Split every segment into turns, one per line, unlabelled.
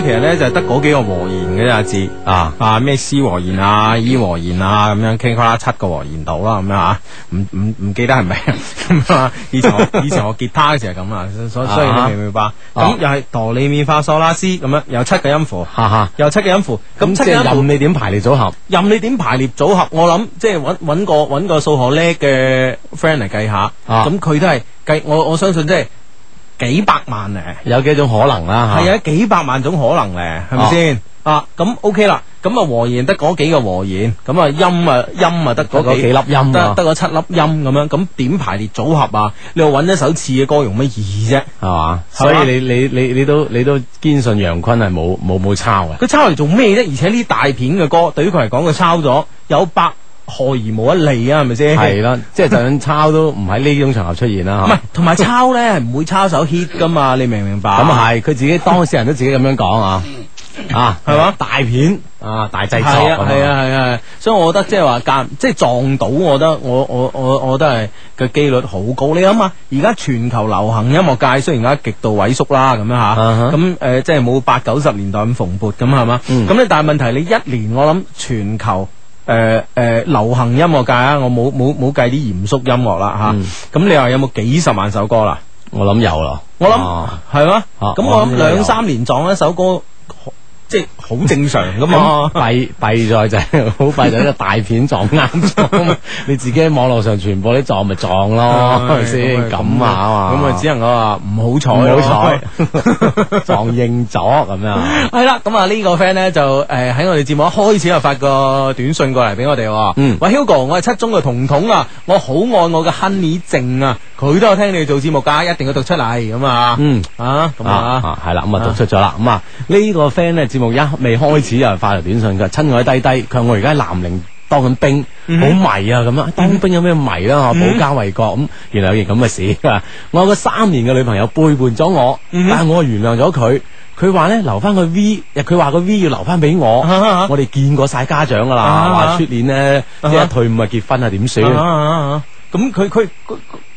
其實咧就係得嗰幾個和弦嘅啫，字啊啊咩 C 和弦啊、E 和弦啊，咁樣傾下啦，七個和弦度啦，咁樣吓，唔唔唔記得係咪？以前以前學吉他嘅時係咁啊，所所以你明唔明白？咁又係哆唻咪發索拉斯咁樣，有七個音符，吓，有七個音符，咁七音符你點排列組合？任你點排列組合，我諗即係搵搵個搵個數學叻嘅 friend 嚟計下，咁佢都係計，我我相信即係。幾百萬咧，有幾多種可能啦吓，係啊，幾百萬種可能咧，係咪先啊？咁 O K 啦，咁啊和弦得嗰幾個和弦，咁啊音啊音啊得嗰幾粒音，得得嗰七粒音咁樣，咁點排列組合啊？你又揾一首似嘅歌，用乜意義啫？係嘛，所以你你你你都你都堅信楊坤係冇冇冇抄啊，佢抄嚟做咩啫？而且呢大片嘅歌，對於佢嚟講，佢抄咗有百。何而無一利啊？係咪先？係啦，即係就想抄都唔喺呢種場合出現啦。唔係，同埋抄咧係唔會抄手 hit 噶嘛？你明唔明白？咁係，佢自己當事人都自己咁樣講啊，啊係嘛，大片啊，大製作啊。係啊係啊係，所以我覺得即係話即係撞到，我覺得我我我我覺得係嘅幾率好高。你諗下，而家全球流行音樂界雖然而家極度萎縮啦，咁樣吓，咁誒即係冇八九十年代咁蓬勃咁係嘛，咁咧但係問題你一年我諗全球。誒誒、呃呃，流行音樂界啊，我冇冇冇計啲嚴肅音樂啦吓，咁你話有冇幾十萬首歌啦？我諗有咯，我諗係咩？咁我諗兩三年撞一首歌，即係。好正常噶嘛，弊弊在就係好弊在，一個大片撞啱咗，你自己喺網絡上傳播啲撞咪撞咯，係咪先咁啊嘛，咁啊只能講話唔好彩，唔好彩撞應咗咁樣，係啦，咁啊呢個 friend 咧就誒喺我哋節目一開始就發個短信過嚟俾我哋，嗯，喂 Hugo，我係七中嘅彤彤啊，我好愛我嘅 Honey 靜啊，佢都有聽你做節目噶，一定要讀出嚟咁啊，嗯啊咁啊，係啦，咁啊讀出咗啦，咁啊呢個 friend 咧節目一。未開始有人發嚟短信嘅，親愛低低，佢話我而家喺南寧當緊兵，好、嗯、迷啊咁啊，當兵有咩迷啦、啊？保家衛國咁，嗯、原來有件咁嘅事。我有個三年嘅女朋友背叛咗我，但係我原諒咗佢。佢話咧留翻個 V，佢話個 V 要留翻俾我。啊啊啊啊我哋見過晒家長噶啦，話出年呢啊啊啊即係退伍啊結婚啊點、啊、算、啊啊啊？咁佢佢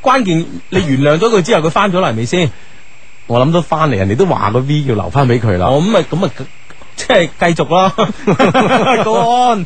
關鍵你原諒咗佢之後，佢翻咗嚟未先？ 我諗都翻嚟，人哋都話個 V 要留翻俾佢啦。咁啊咁啊。即係繼續咯，高 安 Go on，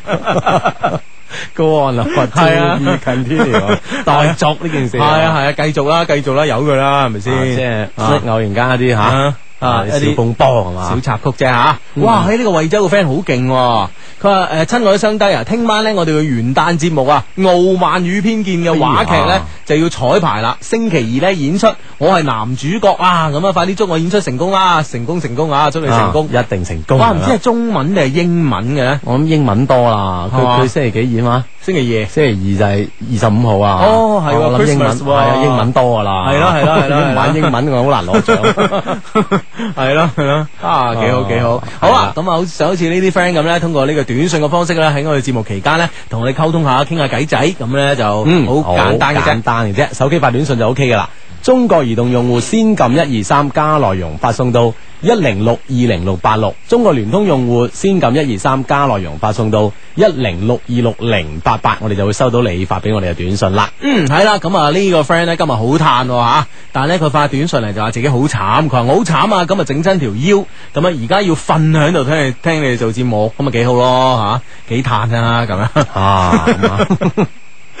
高安啊，佛前遇近天聊，待續呢件事。係啊係啊，繼、啊、續啦，繼續啦，由佢啦，係咪、啊、先？啊、即係偶然間嗰啲吓。啊。啊！小風波係嘛？小插曲啫吓！哇！喺呢個惠州嘅 friend 好勁，佢話誒，親愛嘅兄弟啊，聽晚咧我哋嘅元旦節目啊《傲慢與偏見》嘅話劇咧就要彩排啦，星期二咧演出，我係男主角啊！咁啊，快啲祝我演出成功啦！成功成功啊！祝你成功，一定成功。哇！唔知係中文定係英文嘅咧？我諗英文多啦。佢佢星期幾演啊？星期二。星期二就係二十五號啊。哦，係啊，英文係啊，英文多噶啦。係啦係啦係啦，演英文我好難攞獎。係咯，係咯，啊，幾好幾好，好啦，咁啊，係就好似呢啲 friend 咁咧，通過呢個短信嘅方式咧，喺我哋節目期間咧，同我哋溝通下，傾下偈仔，咁咧就簡單，嗯，好簡單嘅啫，手機發短信就 OK 噶啦。中國移動用戶先撳一二三加內容發送到一零六二零六八六，中國聯通用戶先撳一二三加內容發送到一零六二六零八八，我哋就會收到你發俾我哋嘅短信啦。嗯，係啦，咁啊呢個 friend 呢，今日好嘆吓，但係呢，佢發短信嚟就話自己好慘，佢話我好慘啊，咁啊整親條腰，咁啊而家要瞓響度聽你聽你哋做節目，咁咪幾好咯吓，幾嘆啊咁樣。啊。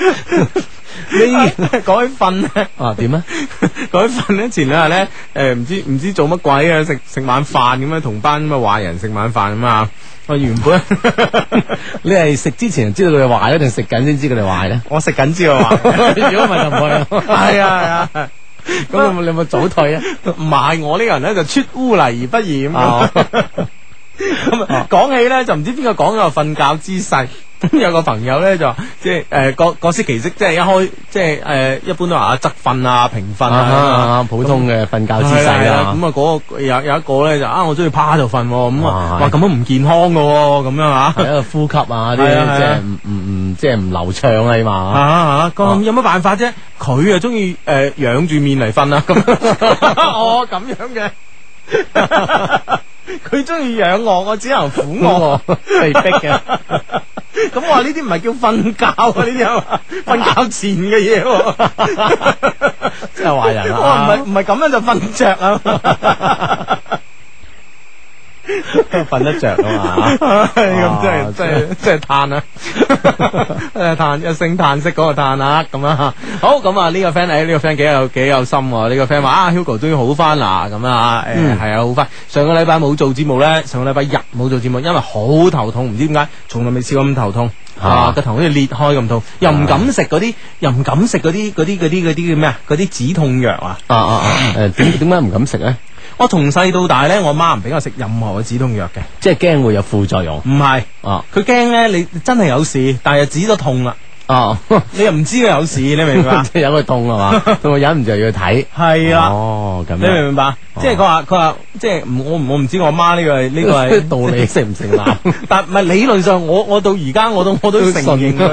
你講起瞓咧，啊點啊？講起瞓咧，前兩日咧，誒、呃、唔知唔知做乜鬼啊？食食晚飯咁樣，同班咁啊壞人食晚飯咁啊？我原本 你係食之前知道佢哋壞咧，定食緊先知佢哋壞咧？我食緊知道
壞， 如果唔係就唔去。係啊係啊，
咁、啊、 你你咪早退啊？唔係我呢個人咧就出污泥而不染。咁講起咧就唔知邊個講嘅瞓覺姿勢。有個朋友咧就即係誒，各各式其式即係一開即係誒，一般都話側瞓啊、平瞓啊，普通嘅瞓覺姿勢啊。咁啊，嗰有有一個咧就啊，我中意趴喺度瞓，咁啊，哇咁樣唔健康噶，咁樣喺度呼吸啊啲即係唔唔即係唔流暢啊嘛。吓咁有乜辦法啫？佢啊中意誒仰住面嚟瞓啦。哦，咁樣嘅，佢中意仰臥，我只能俯臥，被逼嘅。咁我話呢啲唔係叫瞓覺，啊，呢啲係瞓覺前嘅嘢，
啊， 真係壞人啊！我唔係
唔係咁樣就瞓着啊。 瞓得着啊嘛，咁真係真係真係嘆啊！誒，嘆一聲嘆息嗰個嘆啊，咁啊，好，咁啊呢個 friend，誒呢個 friend 幾有幾有心，呢個 friend 話啊 Hugo 終於好翻啦，咁啊吓，誒係啊好翻。上個禮拜冇做節目咧，上個禮拜日冇做節目，因為好頭痛，唔知點解，從來未試過咁頭痛啊個頭好似裂開咁痛，又唔敢食嗰啲，又唔敢食嗰啲嗰啲啲啲叫咩啊？嗰啲止痛藥啊，啊啊啊，誒點點解唔敢食咧？我從細到大咧，我媽唔俾我食任何嘅止痛藥嘅，即係驚會有副作用。唔係，哦，佢驚咧，你真係有事，但係又止咗痛啦。哦，你又唔知佢有事，你明唔明白？即係有佢痛係嘛，同埋忍唔住又要睇。係啦，哦咁，你明唔明白？即係佢話佢話，即係我唔我唔知我媽呢個呢個係道理成唔成啊？但唔係理論上，我我到而家我都我都承認佢，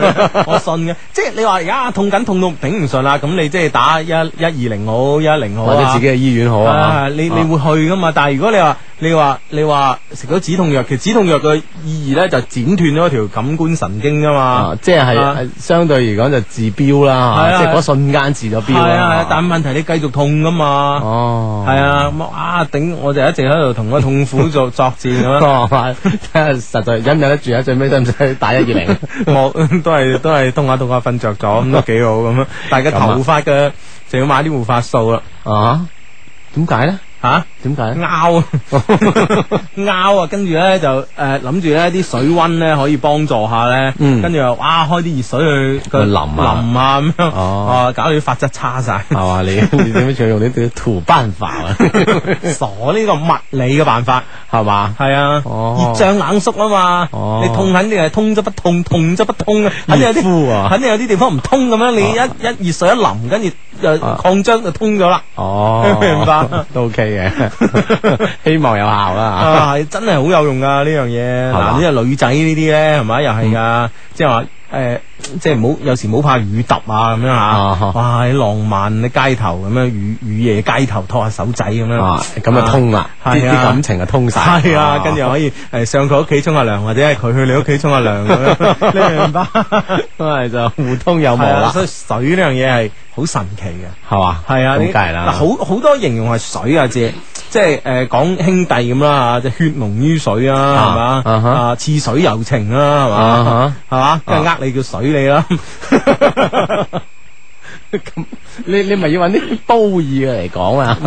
我信嘅。即係你話而家痛緊痛到頂唔順啦，咁你即係打一一二零好，一一零好，或者自己去醫院好啊？你你會去噶嘛？但係如果你話，你話你話食咗止痛藥，其實止痛藥嘅意義咧，就剪斷咗一條感官神經噶嘛，即係相對嚟講就治標啦，即係嗰瞬間治咗標啦。但問題你繼續痛噶嘛，係啊，咁啊頂，我就一直喺度同個痛苦作作戰咁啊，睇下實在忍唔忍得住啊，最尾都唔使打一二零。我都係都係痛下痛下瞓着咗，咁都幾好咁啊。大家頭髮嘅就要買啲護髮素啦，啊，點解咧？吓？點解？拗拗啊！跟住咧，就誒諗住咧，啲水溫咧可以幫助下咧，跟住又挖開啲熱水去淋淋啊，咁樣哦，搞到啲髮質差晒係嘛？你你點樣用呢啲土辦法啊？傻！呢個物理嘅辦法係嘛？係啊，
熱脹
冷縮啊嘛，你痛肯定係通，則不痛，痛則不通。啊！肯定有啲肯定有啲地方唔通咁樣，你一一熱水一淋，跟住就擴張就通咗啦。哦，明白都 OK。 希望有效啦嚇，啊，係真係好有用噶呢樣嘢。嗱，呢個吧女仔呢啲咧，係咪又係噶，即係話。嗯誒，即係唔好有時唔好怕雨揼啊，咁樣吓，哇！浪漫嘅街頭咁樣雨雨夜街頭拖下手仔咁樣，咁啊通啦，啲啲感情啊通晒，係啊，跟住又可以誒上佢屋企沖下涼，或者係佢去你屋企沖下涼咁
樣，呢樣包都係
就互通有無啦。所以水呢樣嘢係好神奇嘅，係嘛？係啊，好梗啦，好好多形容係水啊，字，即係誒講兄弟咁啦吓，就血濃於水啊，係嘛啊？似水柔情啊，係嘛？係嘛？你叫水你啦，咁你你咪要揾啲褒義嚟講啊！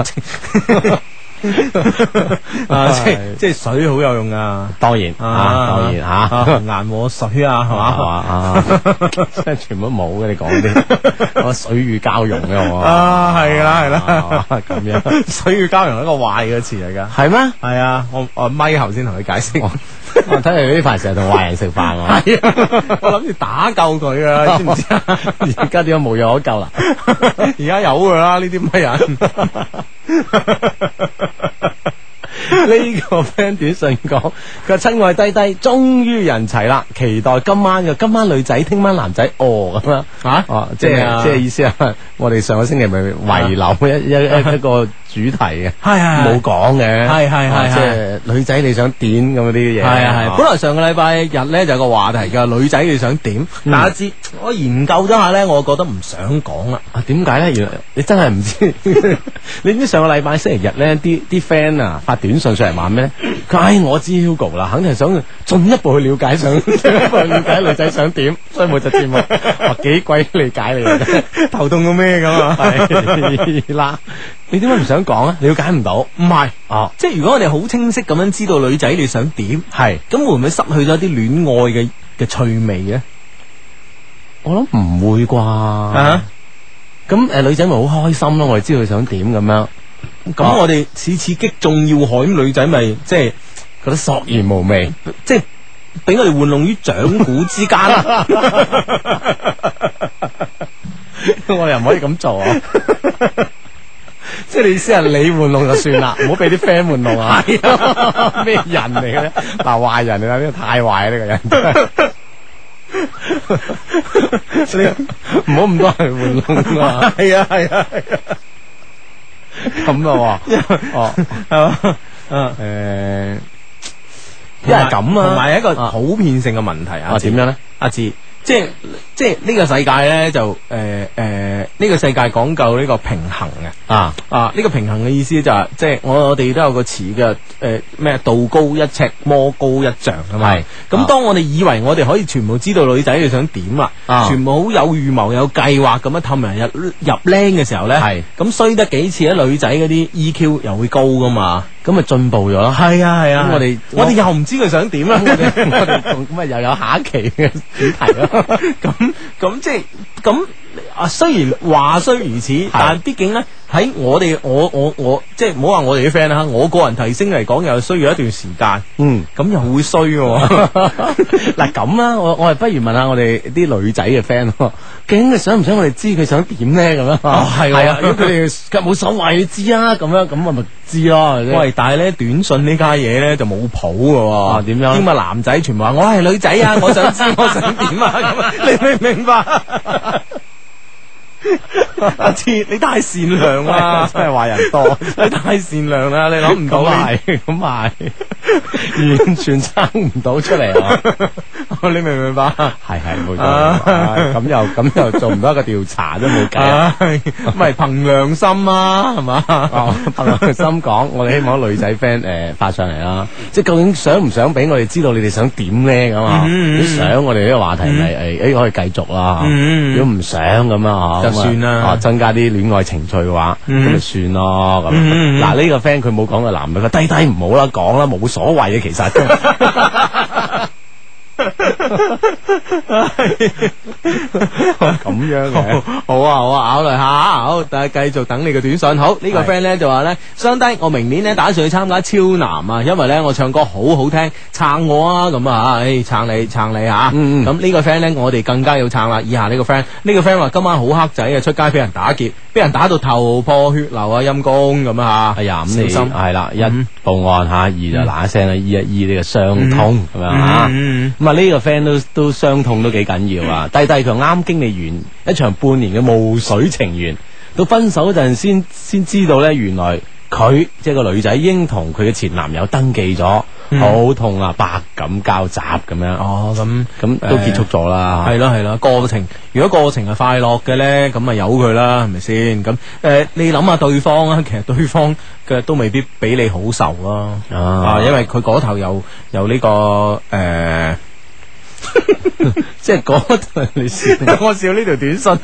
啊，即係水好有用噶當然啊，當然吓，鹽和水啊，係嘛，啊，即係全部冇嘅，你講啲水乳交融嘅，我啊係啦係啦，咁樣水乳交融係一個壞嘅詞嚟噶，係咩？係啊，我我咪頭先同你解釋我睇嚟呢排成日同壞人食飯喎，係我諗住打救佢噶，知唔知啊？而家點解冇藥可救啦？而 家 有噶啦，呢啲乜人？ 呢 個 friend 短信，講佢親愛低低終於人齊啦，期待今晚嘅今晚女仔聽晚男仔哦，咁樣吓哦，啊、即係是即係意思啊！我哋上個星期咪遺留一一一個主題嘅，係啊冇講嘅，係係係即係女仔你想點咁嗰啲嘢，係啊係、嗯，本來上個禮拜日咧就有個話題嘅女仔你想點？但係我研究咗下咧，我覺得唔想講啦。點解咧？原來你真係唔知， 你知上個禮拜星期日咧啲啲 friend 啊發短。上上嚟玩咩？佢唉，我知 Hugo 啦，肯定係想進一步去了解，想進一步了解女仔想點，所以冇直接問，話幾鬼理解你，頭痛到咩咁啊？係啦，你點解唔想講啊？了解唔到，唔係哦，啊、即係如果我哋好清晰咁樣知道女仔你想點，係咁是會唔會失去咗啲戀愛嘅嘅趣味咧？我諗唔會啩？啊，咁誒、呃，女仔咪好開心咯，我哋知道佢想點咁樣。咁我哋次次擊中要害，女仔咪即係覺得索然無味，即係俾我哋玩弄於掌股之間。 我哋又唔可以咁做啊！即 係你意思係你玩弄就算啦，唔好俾啲 friend 玩弄啊！係啊， 咩人嚟嘅咧？嗱，壞人嚟啊！呢個太壞啊！呢個人，
這個、人
你唔好咁多嚟玩弄啊！係 啊！係啊！係啊！咁咯， 哦，係嘛，
嗯，誒，係咁啊，同埋一個
普遍性嘅問題啊，點樣咧，阿志啊？即係即係呢、這個世界咧就，誒誒呢個世界講究呢個平衡嘅，啊啊呢、這個平衡嘅意思就係、是、即係我我哋都有個詞嘅，誒咩道高一尺魔高一丈係嘛？咁當我哋以為我哋可以全部知道女仔要想點啊，全部好有預謀有計劃咁樣氹人入入僆嘅時候咧，咁衰得幾次咧？女仔嗰啲 E.Q. 又會高噶嘛？咁咪進步咗，係啊係啊！啊我哋我哋又唔知佢想點啦，咁咪 又有下一期嘅主題咯。咁 咁 即係咁啊！雖然話雖如此，的但係畢竟咧。喺、哎、我哋我我我即係唔好話我哋啲 friend 啦，我個人提升嚟講又需要一段時間，嗯，咁又會衰。嗱咁啦，我我係不如問下我哋啲女仔嘅 friend 咯，究竟佢想唔想我哋知佢想點咧？咁樣係啊，哦、啊 如果佢哋冇所謂，你知啦，咁樣咁我咪知咯。喂， 但係咧短信呢家嘢咧就冇譜噶，點、啊、樣、啊？因為男仔全部話我係女仔啊，我想知我
想點啊，咁 你，你明唔明白？
阿志，你太善良啦，真係壞人多。你太善良啦，你諗唔到係咁係，完全撐唔到出嚟。你明唔明白？係係冇錯。咁又咁又做唔到一個調查都冇計，咪憑良心啊？係嘛？憑良心講，我哋希望女仔 friend 誒發上嚟啦。即係究竟想唔想俾我哋知道你哋想點咧？咁啊，你想我哋呢個話題咪誒可以繼續啦？如果唔想咁樣啊啊、算啦了、啊，增加啲戀愛情趣嘅話，咁咪、嗯、算咯。咁嗱呢個 friend 佢冇講個男女，嘅，低低唔好啦，講啦，冇所謂嘅其實。 咁 樣好，好啊，好啊，考慮下，好，大家繼續等你嘅短信。好、這個、呢個 friend 咧就話咧，兄弟，我明年咧打算去參加超男啊，因為咧我唱歌好好聽，撐我啊，咁啊吓，誒，撐、哎、你，撐你吓，啊、嗯、咁呢個 friend 咧，我哋更加要撐啦。以下呢個 friend，呢、這個 friend 話今晚好黑仔啊，出街俾人打劫，俾人打到頭破血流啊，陰公咁啊吓，哎呀，咁心你係啦，一報案吓，二就嗱一聲啦，醫一醫呢個傷痛，咁、嗯、樣吓，啊、嗯。嗯呢、啊這個 friend 都都傷痛都幾緊要啊。第第佢啱經歷完一場半年嘅露水情緣，到分手嗰陣先先知道呢，原來佢即係個女仔已經同佢嘅前男友登記咗，好痛啊，百感交集咁樣。哦，咁咁都結束咗啦。係咯係咯，過程如果過程係快樂嘅呢，咁咪由佢啦，係咪先咁？誒、呃，你諗下對方啊，其實對方嘅都未必比你好受咯。啊，啊，因為佢嗰頭有有呢、這個誒。呃 即係、那個、笑， 我笑呢條短信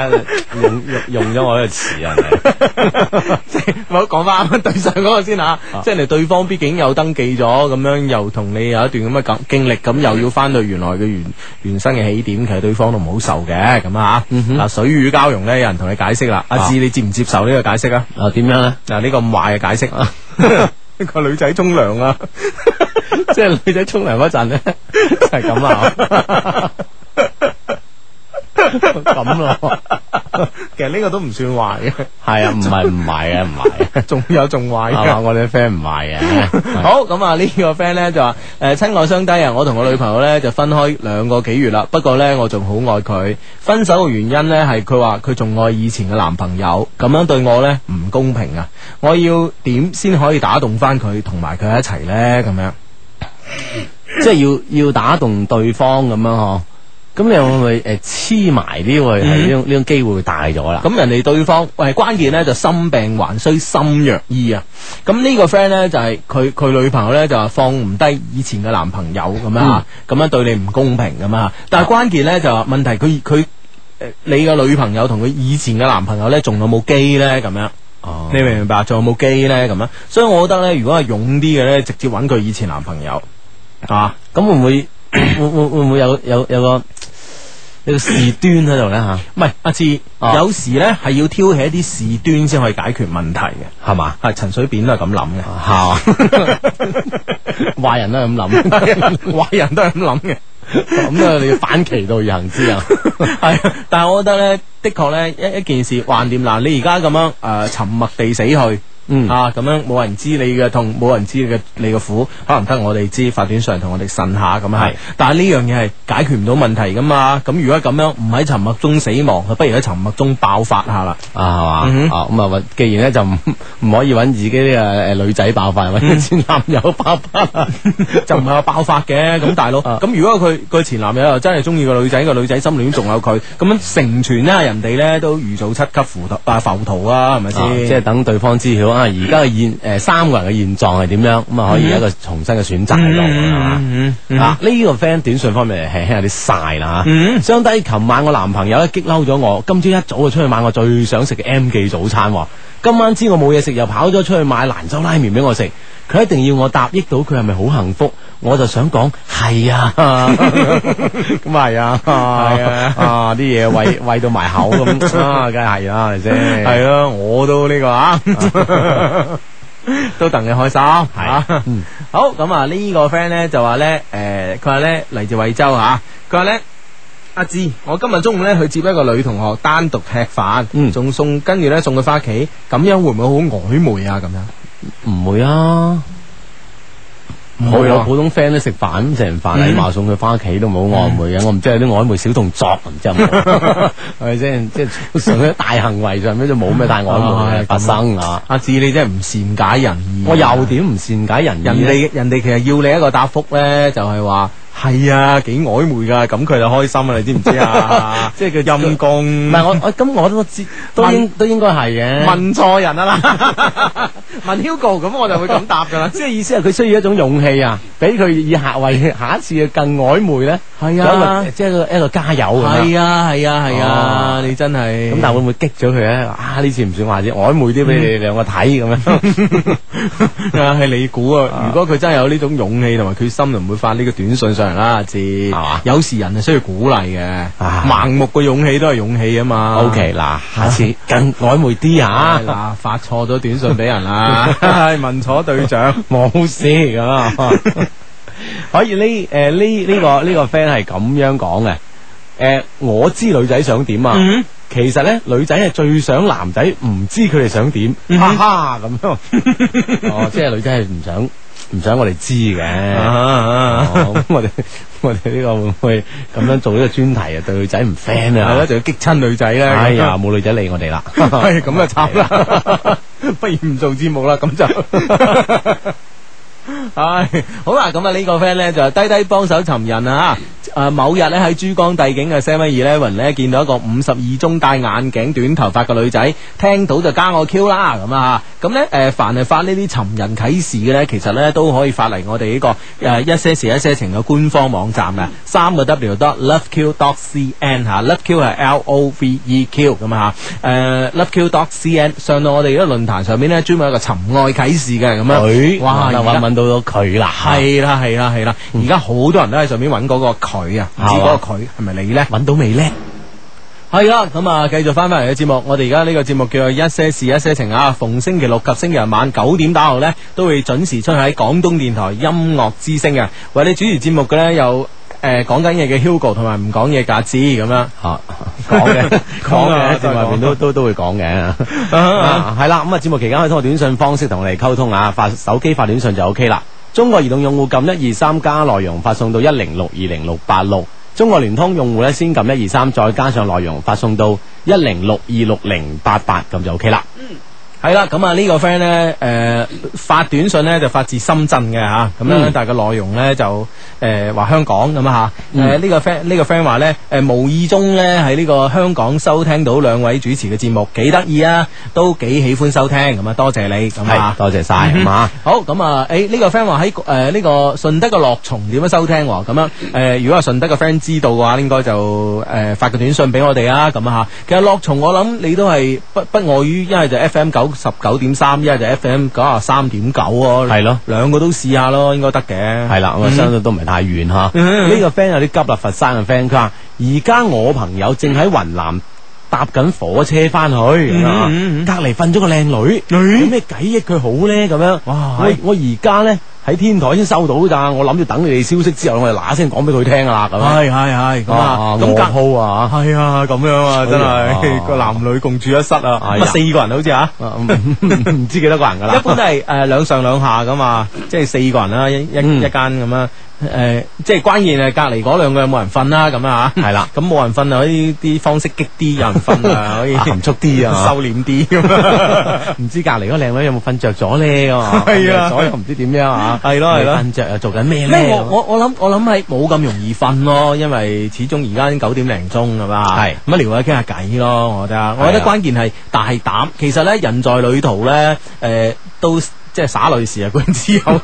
用用咗我呢個詞啊！即係唔好講翻啱啱對上嗰個先吓，即係對方畢竟又登記咗，咁樣又同你有一段咁嘅經經歷，咁又要翻到原來嘅原原生嘅起點，其實對方都唔好受嘅咁啊，嗯、哼啊！啊水乳交融咧，有人同你解釋啦，阿志你接唔接受呢個解釋啊？啊點樣咧？嗱呢個咁壞嘅解釋啊！ 個女仔沖涼啊，即係女仔沖涼嗰陣咧，就係咁啊。咁咯， 其實呢個都唔算壞嘅。係啊，唔係唔係嘅，唔係。仲 有仲壞嘅，我啲 friend 唔壞嘅。 好，咁啊呢個 friend 呢就話，誒，親愛相低啊！我同我女朋友呢就分開兩個幾月啦，不過呢，我仲好愛佢。分手嘅原因呢係佢話佢仲愛以前嘅男朋友，咁樣對我呢唔公平啊！我要點先可以打動翻佢，同埋佢一齊呢？咁樣，即係要要打動對方咁樣嗬。咁你會唔會誒黐埋啲喎？係呢種呢種機會大咗啦。咁、嗯、人哋對方喂關鍵呢就心病還需心藥醫、嗯、啊。咁呢個 friend 呢，就係佢佢女朋友呢，就話放唔低以前嘅男朋友咁樣嚇，咁樣咁樣對你唔公平咁啊。但係關鍵呢，就話問題佢佢你嘅女朋友同佢以前嘅男朋友呢，仲有冇機呢？咁樣、啊、你明唔明白？仲有冇機呢？咁樣所以我覺得呢，如果係勇啲嘅呢，直接揾佢以前男朋友啊，咁 會唔會會唔會有有有，有，有個？個事端喺度咧吓，唔係阿志，啊、有時咧係要挑起一啲事端先可以解決問題嘅，係嘛吧？係陳水扁都係咁諗嘅，吓、啊，壞 人都係咁諗，壞、啊、人都係咁諗嘅，咁 啊 你要反其道而行之 啊，係，但係我覺得咧的確咧一一件事，橫掂嗱，你而家咁樣誒，沉默地死去。嗯啊，咁樣冇人知你嘅痛，冇人知嘅你嘅苦，可能得我哋知。法院上同我哋呻下咁啊，係。是 但係呢樣嘢係解決唔到問題噶嘛。咁如果咁樣唔喺沉默中死亡，不如喺沉默中爆發下啦。啊係嘛。啊咁、嗯、哼 啊，既然呢就唔可以揾自己啲嘅女仔爆發，揾前男友爆發，嗯、 就唔係話爆發嘅。咁 大佬，咁、啊啊、如果佢佢前男友又真係中意個女仔，個女仔心裡仲有佢，咁樣成全啦。人哋呢都預早七級浮是是啊浮屠啦，係咪先？即係等對方知曉。啊！而家嘅現誒、呃、三個人嘅現狀係點樣？咁啊可以有一個重新嘅選擇喺度啊！
啊、這、
呢個 friend 短信方面係有啲晒啦吓，降、啊 mm hmm. 低。琴晚我男朋友一激嬲咗我，今朝一早就出去買我最想食嘅 M 記早餐喎。今晚知我冇嘢食，又跑咗出去買蘭州拉麵俾我食。佢一定要我答益到佢係咪好幸福？我就想講係啊，咁啊係啊，啊啊啲嘢喂喂到埋口咁梗係啊，啦，係咪先？係啊，我都呢個啊，都等你開心係啊。好咁啊，呢個 friend 咧就話咧，誒，佢話咧嚟自惠州吓，佢話咧。阿志，我今日中午咧去接一個女同學單獨吃飯，仲送跟住咧送佢翻屋企，咁樣會唔會好曖昧啊？咁
樣
唔會啊，我有普通 friend 咧食飯，食完飯禮貌送佢翻屋企都冇曖昧嘅，我唔知係啲曖昧小動作唔知啊，係咪先？即係上咗大行為上邊就冇咩大曖昧發生啊。阿志，你真係唔善解人意，我又點唔善解人意？人哋人哋其實要你一個答覆咧，就係話。係啊，幾曖昧噶，咁佢就開心啊，你知唔知啊？即係佢陰功。唔係我我，咁我都知，都應都應該係嘅。問錯人啊啦，問 Hugo，咁我就會咁答噶啦。即係意思係佢需要一種勇氣啊，俾佢以下為下一次嘅更曖昧咧。係啊，即係一個一個加油。係啊係啊係啊，你真係。咁但會唔會激咗佢咧？啊，呢次唔算話啫，曖昧啲俾你兩個睇咁樣。係你估啊？如果佢真係有呢種勇氣同埋決心，就唔會發呢個短信上。啦，字、啊，啊、有時人係需要鼓勵嘅，啊、盲目嘅勇氣都係勇氣啊嘛。OK，嗱，下次更曖昧啲吓、啊，嗱、啊，發錯咗短信俾人啦，問錯隊長，冇 事咁。啊、 可以呢？誒、呃，呢呢、這個呢、這個 friend 係咁樣講嘅。誒、呃，我知女仔想點啊，嗯嗯其實咧女仔係最想男仔唔知佢哋想點，嗯、哈哈咁樣。
哦，即係女仔係
唔想。唔想我哋知嘅，咁我哋、這個、我哋呢個會唔會咁樣做呢個專題啊？ 對女仔唔 friend 啊，係咯，就要激親女仔啦。哎呀，冇女仔理我哋啦，係 咁、哎、就慘啦，了 不如唔做節目啦，咁就，唉、 哎，好啦，咁啊呢個 friend 咧就係、低低幫手尋人啊，誒、呃，某日咧喺珠江帝景嘅 Seven Eleven 咧見到一個五十二中戴眼鏡、短頭髮嘅女仔，聽到就加我 Q 啦，咁啊吓，咁咧誒，凡係發呢啲尋人啟事嘅咧，其實咧都可以發嚟我哋呢、這個誒、呃、一些事一些情嘅官方網站嘅，嗯、三個 W dot love Q dot C N 吓、啊、，love Q 係 L O V E Q 咁啊誒，love Q dot C N 上到我哋啲論壇上面咧，專門有個尋愛啟事嘅咁樣，佢、欸，哇嘩，又話搵到咗佢啦，係啦係啦係啦，而家好多人都喺上面搵嗰、那個。佢啊，唔知嗰個佢係咪你咧？搵到未呢？係啦，咁啊，繼續翻翻嚟嘅節目，我哋而家呢個節目叫做「一些事一些情」啊，逢星期六及星期日晚九點打後呢，都會準時出喺廣東電台音樂之聲嘅。為你主持節目嘅呢，有誒講緊嘢嘅 Hugo 同埋唔講嘢嘅子咁樣吓，講嘅講嘅，電台邊都都都會講嘅。係啦，咁啊，節目期間可以通過短信方式同你溝通啊，發、 啊啊啊、手機發短信就 OK 啦。中國移動用戶撳一二三加內容發送到一零六二零六八六，中國聯通用戶咧先撳一二三再加上內容發送到一零六二六零八八，咁就 OK 啦。係啦，咁啊呢個 friend 咧，誒發短信咧就發自深圳嘅吓，咁樣，但係個內容咧就誒話香港咁啊吓，誒、嗯、呢、嗯嗯、個 friend 呢、呢個 friend 話咧，誒無意中咧喺呢個香港收聽到兩位主持嘅節目，幾得意啊，都幾喜歡收聽，咁啊多謝你，咁啊多謝晒，係嘛、嗯，嗯、好咁啊，誒、嗯、呢、呢個 friend 話喺誒呢個順德嘅樂從點樣收聽喎，咁樣，誒如果係順德嘅 friend 知道嘅話，應該就誒發個短信俾我哋啊，咁啊吓，其實樂從我諗你都係不不外於因為就 F M 九。十九點三一就 FM 九啊三點九啊，係咯的，兩個都試下咯，應該得嘅。係啦，我相信都唔係太遠吓。呢、嗯、個 friend 有啲急啦，佛山嘅 friend，佢話而家我朋友正喺雲南搭緊火車翻去，隔籬瞓咗個靚女，點咩計益佢好咧？咁樣，哇我我而家咧。喺天台先收到咋，我諗住等你哋消息之後，我哋嗱一聲講俾佢聽啦，咁。係係係，咁啊，咁隔號啊，吓，係啊，咁樣啊，真係個男女共住一室啊，乜四個人好似吓，唔知幾多個人噶啦。一般都係誒兩上兩下噶嘛，即係四個人啦，一一一間咁啦。誒，即係關鍵係隔籬嗰兩個有冇人瞓啦？咁啊吓，係啦，咁冇人瞓就可以啲方式激啲，有人瞓啊可以含蓄啲啊，收斂啲咁啊，唔知隔籬嗰靚女有冇瞓着咗咧？係啊，所以唔知點樣啊？係咯係咯，瞓着又做緊咩咧？我我我諗我諗係冇咁容易瞓咯，因為始終而家九點零鐘係嘛，係咁啊聊下傾下偈咯，我覺得，我覺得關鍵係大膽。其實咧人在旅途咧，誒都。即係耍女士啊！咁之後，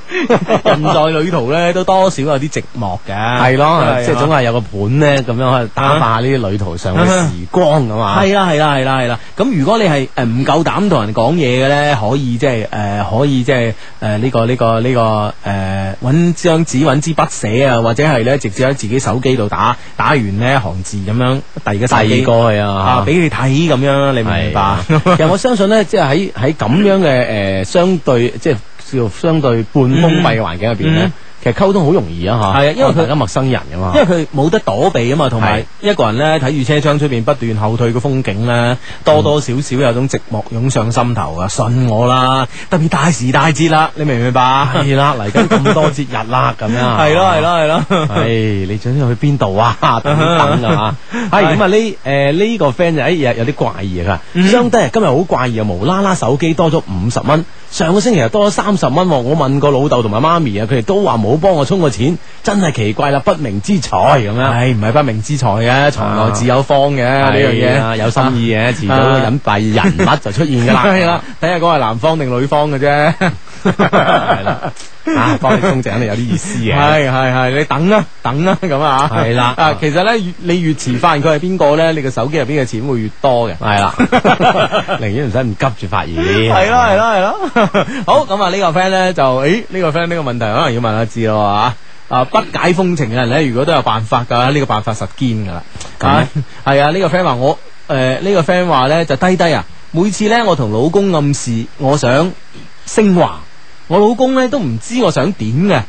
人在旅途咧，都多少有啲寂寞嘅。係咯， 即係總係有個伴咧，咁樣可打發呢啲旅途上嘅時光咁啊。係啦，係啦，係啦，係啦。咁如果你係誒唔夠膽同人講嘢嘅咧，可以即係誒，可以即係誒呢個呢、這個呢、這個誒揾張紙揾支筆寫啊，或者係咧直接喺自己手機度打打完呢一行字咁樣，遞個細過去啊，俾佢睇咁樣，你明白？其實我相信咧，即係喺喺咁樣嘅誒、呃、相對。即係叫相對半封閉嘅環境入邊咧，其實溝通好容易啊吓，係啊，因為佢係啲陌生人噶嘛，因為佢冇得躲避啊嘛，同埋一個人咧睇住車窗出邊不斷後退嘅風景咧，多多少少有種寂寞湧上心頭啊！信我啦，特別大時大節啦，你明唔明白？係啦，嚟緊咁多節日啦，咁樣係咯係咯係咯，係你準去邊度啊？等等啊吓，係咁啊呢誒呢個 friend 就一日有啲怪異啊，相對今日好怪異啊，無啦啦手機多咗五十蚊。上個星期又多咗三十蚊，我問過老豆同埋媽咪啊，佢哋都話冇幫我充過錢，真係奇怪啦，不明之財咁樣。唉、哎，唔係不明之財嘅，床內自有方嘅呢樣嘢，有心意嘅，遲早個隱蔽人物就出現噶啦。係啦， 睇下個係男方定女方嘅啫。 啊，幫你公證肯定有啲意思嘅，係係係，你等啦，等啦，咁啊吓，係啦的。啊，其實咧，你越遲發現佢係邊個咧，你個手機入邊嘅錢會越多嘅，係啦的，寧願唔使唔急住發言發現。係咯係咯係咯。 好，咁啊呢個 friend 咧就，誒、欸、呢、這個 friend 呢個問題可能要問下志咯吓。啊，不解風情嘅人咧，如果都有辦法噶，呢、這個辦法實堅噶啦。係、這個、啊，呢的、 這個 friend 話我，誒、呃這個、呢個 friend 話咧就低低啊，每次咧我同老公暗示我想升華。我老公咧都唔知我想點嘅，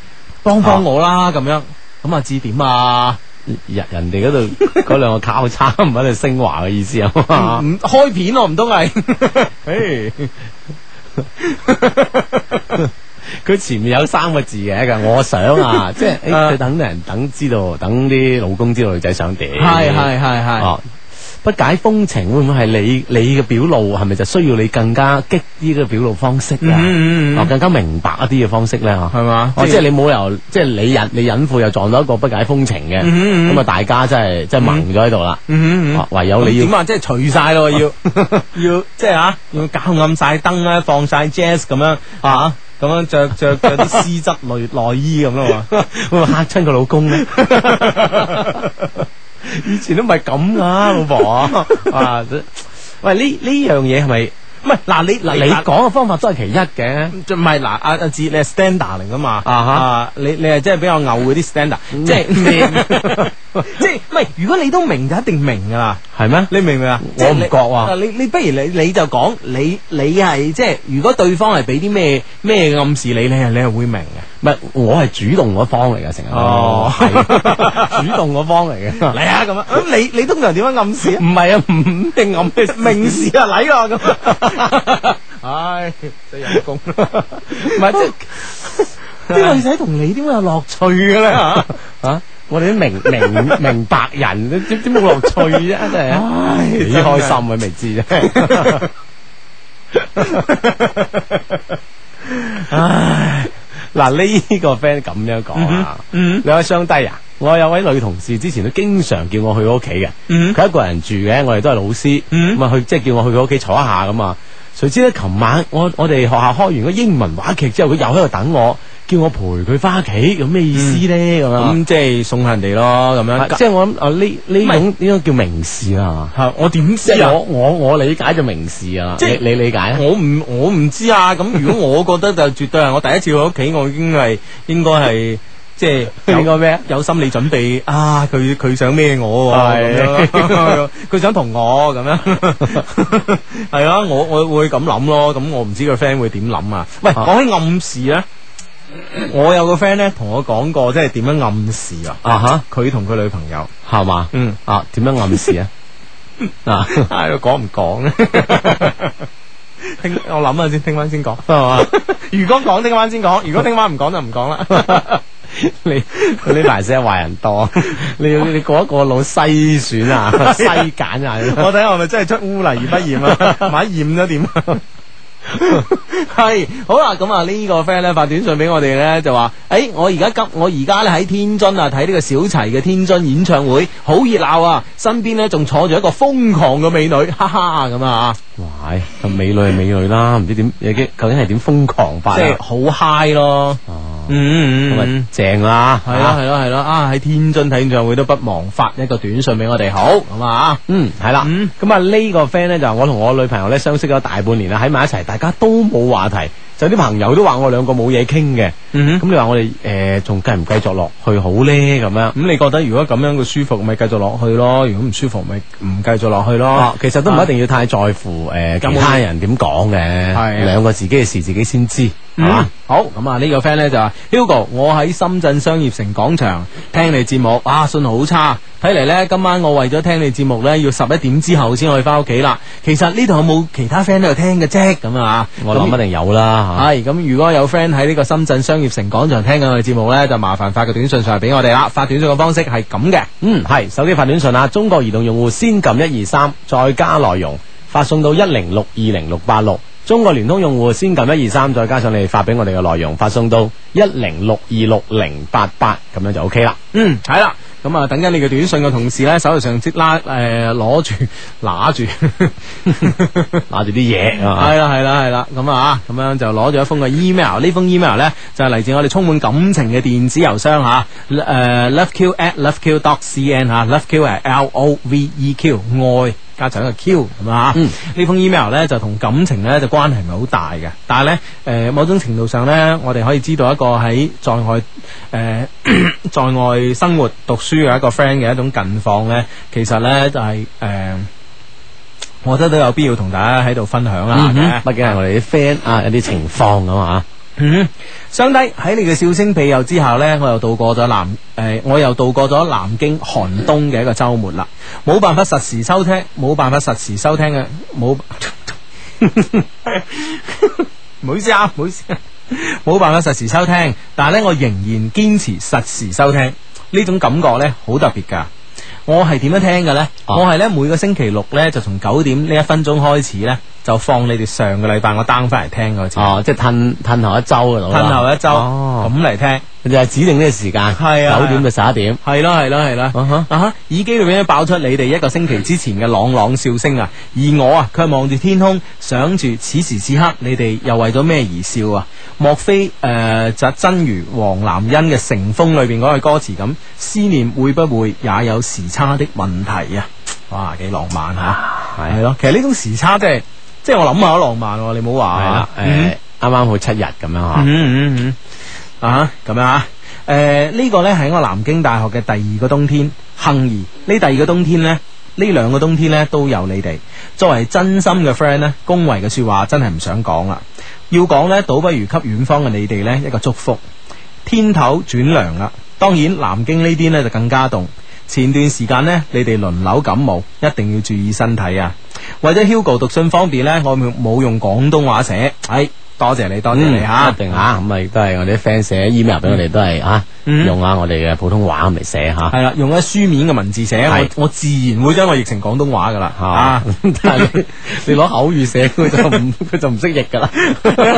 幫幫我啦咁、啊、樣，咁啊知點啊？人人哋嗰度嗰兩個套餐唔喺度升華嘅意思啊唔、嗯嗯、開片我唔通係？誒，佢前面有三個字嘅，我想啊， 即係等、啊、人等知道，等啲老公知道女仔想點？係係係係。不解風情會唔會係你你嘅表露係咪就需要你更加激啲嘅表露方式啊？嗯嗯嗯，更加明白一啲嘅方式咧、啊？嗬吧，係嘛？哦，即係你冇理由，即係你隱你隱婦又撞到一個不解風情嘅，咁啊，大家真係真係盲咗喺度啦。唯有你要點、嗯嗯嗯嗯、啊？即係除晒咯，要 要即係啊，要搞暗晒燈啊，放晒 Jazz 咁樣啊，咁樣着着着啲絲質內內衣咁咯，會唔會吓親個老公咧、啊。 以前都唔係咁噶，老婆啊！喂，呢呢樣嘢係咪？唔係嗱，你嗱你講嘅方法都係其一嘅，唔係嗱阿阿志，你 standard 嚟噶嘛？啊哈，你你係即係比較牛嗰啲 standard 即係即係唔係？如果你都明就一定明噶啦，係咩？你明唔明啊？我唔覺啊！你你不如你你就講你你係即係，如果對方係俾啲咩咩暗示你，你係你係會明嘅。我係主動嗰方嚟噶成日，哦，係主動嗰方嚟嘅，嚟啊咁啊，咁你你通常點樣暗示？唔係啊，唔定暗示，明示啊，嚟咯咁，唉，真
人工，唔係即
係啲女仔同你點會有樂趣嘅咧吓，我哋啲明明明白人，點點冇樂趣啫？真係，幾開心啊，未知啫，唉。嗱呢個 friend 咁樣講啊，兩位雙低啊，我有位女同事之前都經常叫我去佢屋企嘅，佢、mm hmm. 一個人住嘅，我哋都係老師，咁啊去即係叫我去佢屋企坐一下咁啊，誰知咧，琴晚我我哋學校開完個英文話劇之後，佢又喺度等我。.叫我陪佢翻屋企有咩意思咧？咁樣咁即係送人哋咯，咁樣即係我諗啊呢呢種應該叫明示啊！吓我點知啊？我我我理解就明示啊！即係你理解？我唔我唔知啊！咁如果我覺得就絕對係我第一次去屋企，我已經係應該係即係應該咩啊？有心理準備啊！佢佢想咩我？係啊！佢想同我咁樣係啊！我我會咁諗咯。咁我唔知個 friend 會點諗啊？喂，講起暗示咧。我有個 friend 咧，同我講過，即係點樣暗示啊？啊哈，佢同佢女朋友係嘛？吧嗯啊，點樣暗示啊？ 啊，講唔講咧？聽我諗下先，聽晚先講，係嘛？如果講，聽晚先講；如果聽晚唔講，就唔講啦。你呢排些壞人多， 你你過一過腦篩選啊，篩揀啊！ 我睇下係咪真係出污泥而不染啊？買染咗點？係 好啦、啊，咁啊呢個 friend 咧，發短信俾我哋咧就話，誒、欸、我而家急，我而家咧喺天津啊睇呢個小齊嘅天津演唱會，好熱鬧啊，身邊咧仲坐住一個瘋狂嘅美女，哈哈咁啊啊，啊哇咁美女係美女啦，唔 知點究竟究竟係點瘋狂法，即係好嗨咯。啊嗯，咁、嗯、的啊正啦，係咯，係咯，係咯，啊喺天津睇演唱會都不忘發一個短信俾我哋，好，好嘛啊，嗯，係啦，咁啊、嗯、呢個 friend 咧就係我同我女朋友咧相識咗大半年啦，喺埋一齊，大家都冇話題。就啲朋友都話我兩個冇嘢傾嘅，咁、嗯哼嗯、你話我哋誒仲繼唔繼續落去好呢？咁樣？咁、嗯、你覺得如果咁樣嘅舒服，咪繼續落去咯；如果唔舒服，咪唔繼續落去咯、啊。其實都唔一定要太在乎誒、呃、本其他人點講嘅，的兩個自己嘅事自己先知嚇。好咁、嗯、哼啊，個呢個 friend 咧就話 Hugo，我喺深圳商業城廣場聽你節目，啊，信號好差。睇嚟呢，今晚我為咗聽你節目呢，要十一點之後先可以翻屋企啦。其實呢度有冇其他 friend 喺度聽嘅啫，咁啊我諗認那一定有啦。係咁，如果有 friend 喺呢個深圳商業城廣場聽緊我哋節目呢，就麻煩發個短信上嚟俾我哋啦。發短信嘅方式係咁嘅。嗯，係手機發短信啊。中國移動用戶先撳一二三，再加內容，發送到一零六二零六八六。中國聯通用戶先撳一二三，再加上你發俾我哋嘅內容，發送到一零六二六零八八，咁樣就 OK 啦。嗯，係啦。咁啊，等緊你嘅短信嘅同時咧，手頭上即拉誒，攞住拿住拿住啲嘢啊！係啦，係啦，係啦，咁啊，咁樣就攞咗一封嘅 email。呢封 email 咧，就係嚟自我哋充滿感情嘅電子郵箱吓，誒，loveq@loveq.cn at dot 吓，loveq 係 L O V E Q 愛。家姐嘅 Q，係嘛？嗯、封呢封 email 呢就同感情呢就關係唔係好大嘅。但係呢，誒、呃、某種程度上呢，我哋可以知道一個喺在，在外誒、呃、 在外生活讀書嘅一個 friend 嘅一種近況呢，其實呢就係、是、誒、呃，我覺得都有必要同大家喺度分享啦。畢竟係我哋啲 friend 啊，啊有啲情況咁嘛。嗯啊嗯哼，相低喺你嘅笑聲庇佑之下呢，我又度過咗南誒、呃，我又度過咗南京寒冬嘅一個周末啦。冇辦法實時收聽，冇辦法實時收聽嘅，冇，唔好意思啊，唔好意思，冇辦法實時收聽，但係呢，我仍然堅持實時收聽，呢種感覺呢，好特別噶。我係點樣聽嘅咧？Oh. 我係咧每個星期六咧就從九點呢一分鐘開始咧，就放你哋上個禮拜我 down 翻嚟聽嗰次。哦、oh，即係褪褪後一周嘅咯。褪後一周。哦。咁嚟聽。就係指定呢個時間，九、啊、點到十一點。係啦係啦係啦。啊哈、啊啊 uh huh. 耳機裏邊爆出你哋一個星期之前嘅朗朗笑聲啊，而我啊，卻望住天空，想住此時此刻你哋又為咗咩而笑啊？莫非誒、呃，就是、真如黃南恩嘅《乘風》裏邊嗰句歌詞咁，思念會不會也有時差的問題啊？哇，幾浪漫吓！係、啊、咯，啊啊、其實呢種時差即、就、係、是，即、就、係、是、我諗下好浪漫。你唔、啊嗯、好話誒，啱啱好七日咁樣吓、嗯嗯。嗯嗯嗯。啊，咁、uh huh, 樣啊，誒、呃，呢、呢個呢係我南京大學嘅第二個冬天，幸而呢第二個冬天呢，呢兩個冬天呢，都有你哋作為真心嘅 friend 呢。恭維嘅說話真係唔想講啦，要講呢，倒不如給遠方嘅你哋呢一個祝福，天頭轉涼啦，當然南京呢邊呢就更加凍，前段時間呢，你哋輪流感冒，一定要注意身體啊，為咗 Hugo 讀信方便呢，我冇用廣東話寫，係、哎。多謝你，多謝你吓，一定吓咁啊！亦都係我哋啲 fans 寫 email 俾我哋，都係吓用下我哋嘅普通話嚟寫吓。係啦，用一書面嘅文字寫，我自然會將我譯成廣東話噶啦。吓，但係你攞口語寫佢就唔佢就唔識譯噶啦。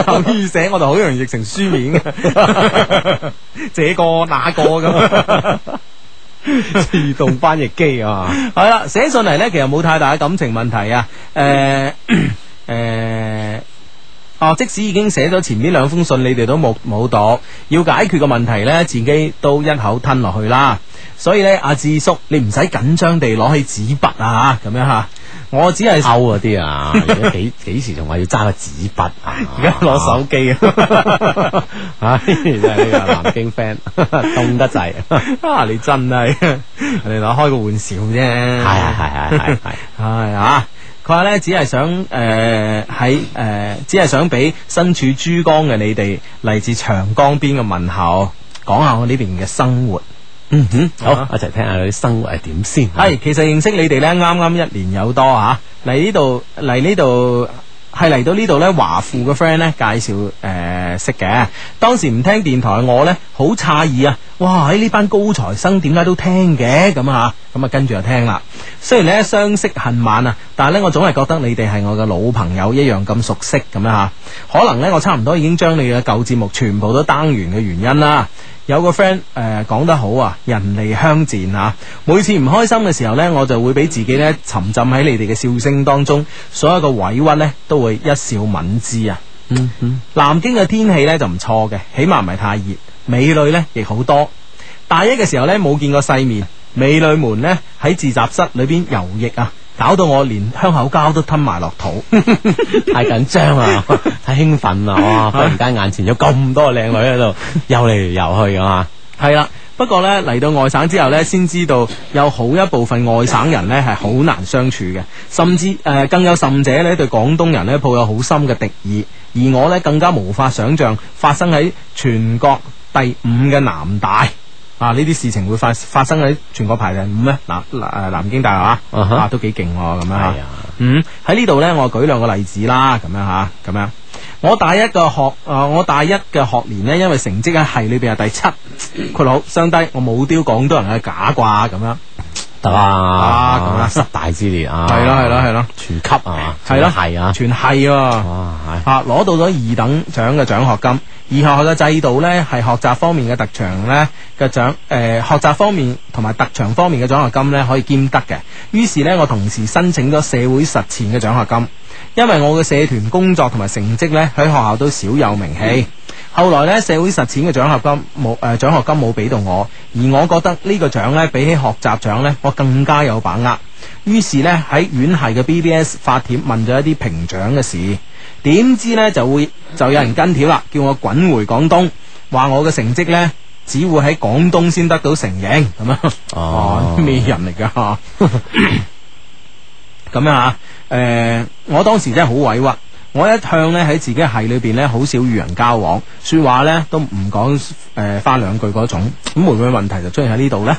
口語寫我就好容易譯成書面嘅，這個那個咁。自動翻譯機啊，係啦，寫上嚟咧，其實冇太大嘅感情問題啊。誒誒。哦、啊，即使已經寫咗前面兩封信，你哋都冇冇讀，要解決個問題咧，自己都一口吞落去啦。所以咧，阿、啊、智叔，你唔使緊張地攞起紙筆啊，咁樣吓。我只係勾嗰啲啊，而家 幾時仲話要揸個紙筆啊？而家攞手機啊，吓！就呢個南京 friend 凍得滯啊！你真係，你攞開個玩笑啫。係係係係係係，係啊。佢話咧，只係想誒喺誒，只係想俾身處珠江嘅你哋，嚟自長江邊嘅問候，講下我呢邊嘅生活。嗯哼，好，啊、一齊聽下佢生活係點先。係是，是其實認識你哋咧，啱啱一年有多嚇。嚟呢度嚟呢度。係嚟到呢度呢，華富嘅 friend 呢，介紹誒、呃、識嘅。當時唔聽電台我呢，好詫異啊！哇，喺呢班高材生點解都聽嘅咁啊？咁啊跟住就聽啦。雖然呢，相識恨晚啊，但係呢，我總係覺得你哋係我嘅老朋友一樣咁熟悉咁啦吓。可能呢，我差唔多已經將你嘅舊節目全部都 down 完嘅原因啦。有個 friend 誒、呃、講得好啊，人離鄉賤啊！每次唔開心嘅時候呢，我就會俾自己呢沉浸喺你哋嘅笑聲當中，所有嘅委屈呢都會一笑泯之啊！嗯、
哼
南京嘅天氣呢就唔錯嘅，起碼唔係太熱，美女呢亦好多。大一嘅時候呢，冇見過世面，美女們呢喺自習室裏邊遊弋啊！搞到我連香口膠都吞埋落肚， 太緊張啦，太興奮啦！哇，突然間眼前有咁多靚女喺度遊嚟遊去，係嘛？係啦，不過呢，嚟到外省之後呢，先知道有好一部分外省人呢係好難相處嘅，甚至誒、呃、更有甚者呢對廣東人呢抱有好深嘅敵意，而我呢更加無法想象發生喺全國第五嘅南大。啊！呢啲事情會發發生喺全國排第五咩？南誒南，南京大學啊，uh huh. 啊都幾勁喎！咁樣，嗯、uh，喺、huh. 呢度咧，我舉兩個例子啦，咁樣吓，咁樣。我大一嘅學誒、呃，我大一嘅學年呢，因為成績喺系裏邊係第七，括號 相低，我冇丟廣東人嘅假啩咁樣。得啦，啊、十大之列啊，係啦，係啦，係啦，全級啊，係咯，係啊，全系喎，啊，攞、啊、到咗二等獎嘅獎學金。而學校嘅制度呢，係學習方面嘅特長呢，嘅獎誒，學習方面同埋特長方面嘅獎學金呢，可以兼得嘅。於是呢，我同時申請咗社會實踐嘅獎學金，因為我嘅社團工作同埋成績呢，喺學校都少有名氣。嗯後來咧，社會實踐嘅獎學金冇誒，獎學金冇俾到我，而我覺得個獎呢個獎咧，比起學習獎咧，我更加有把握。於是咧，喺院系嘅 BBS 發帖問咗一啲評獎嘅事，點知咧就會就有人跟帖啦，叫我滾回廣東，話我嘅成績咧只會喺廣東先得到承認咁樣。哦，咩、哦、人嚟噶？咁 啊，誒、呃，我當時真係好委屈。我一向呢，喺自己系裏邊呢，好少與人交往，說話呢都唔講誒返兩句嗰種。咁會唔會問題就出現喺呢度呢？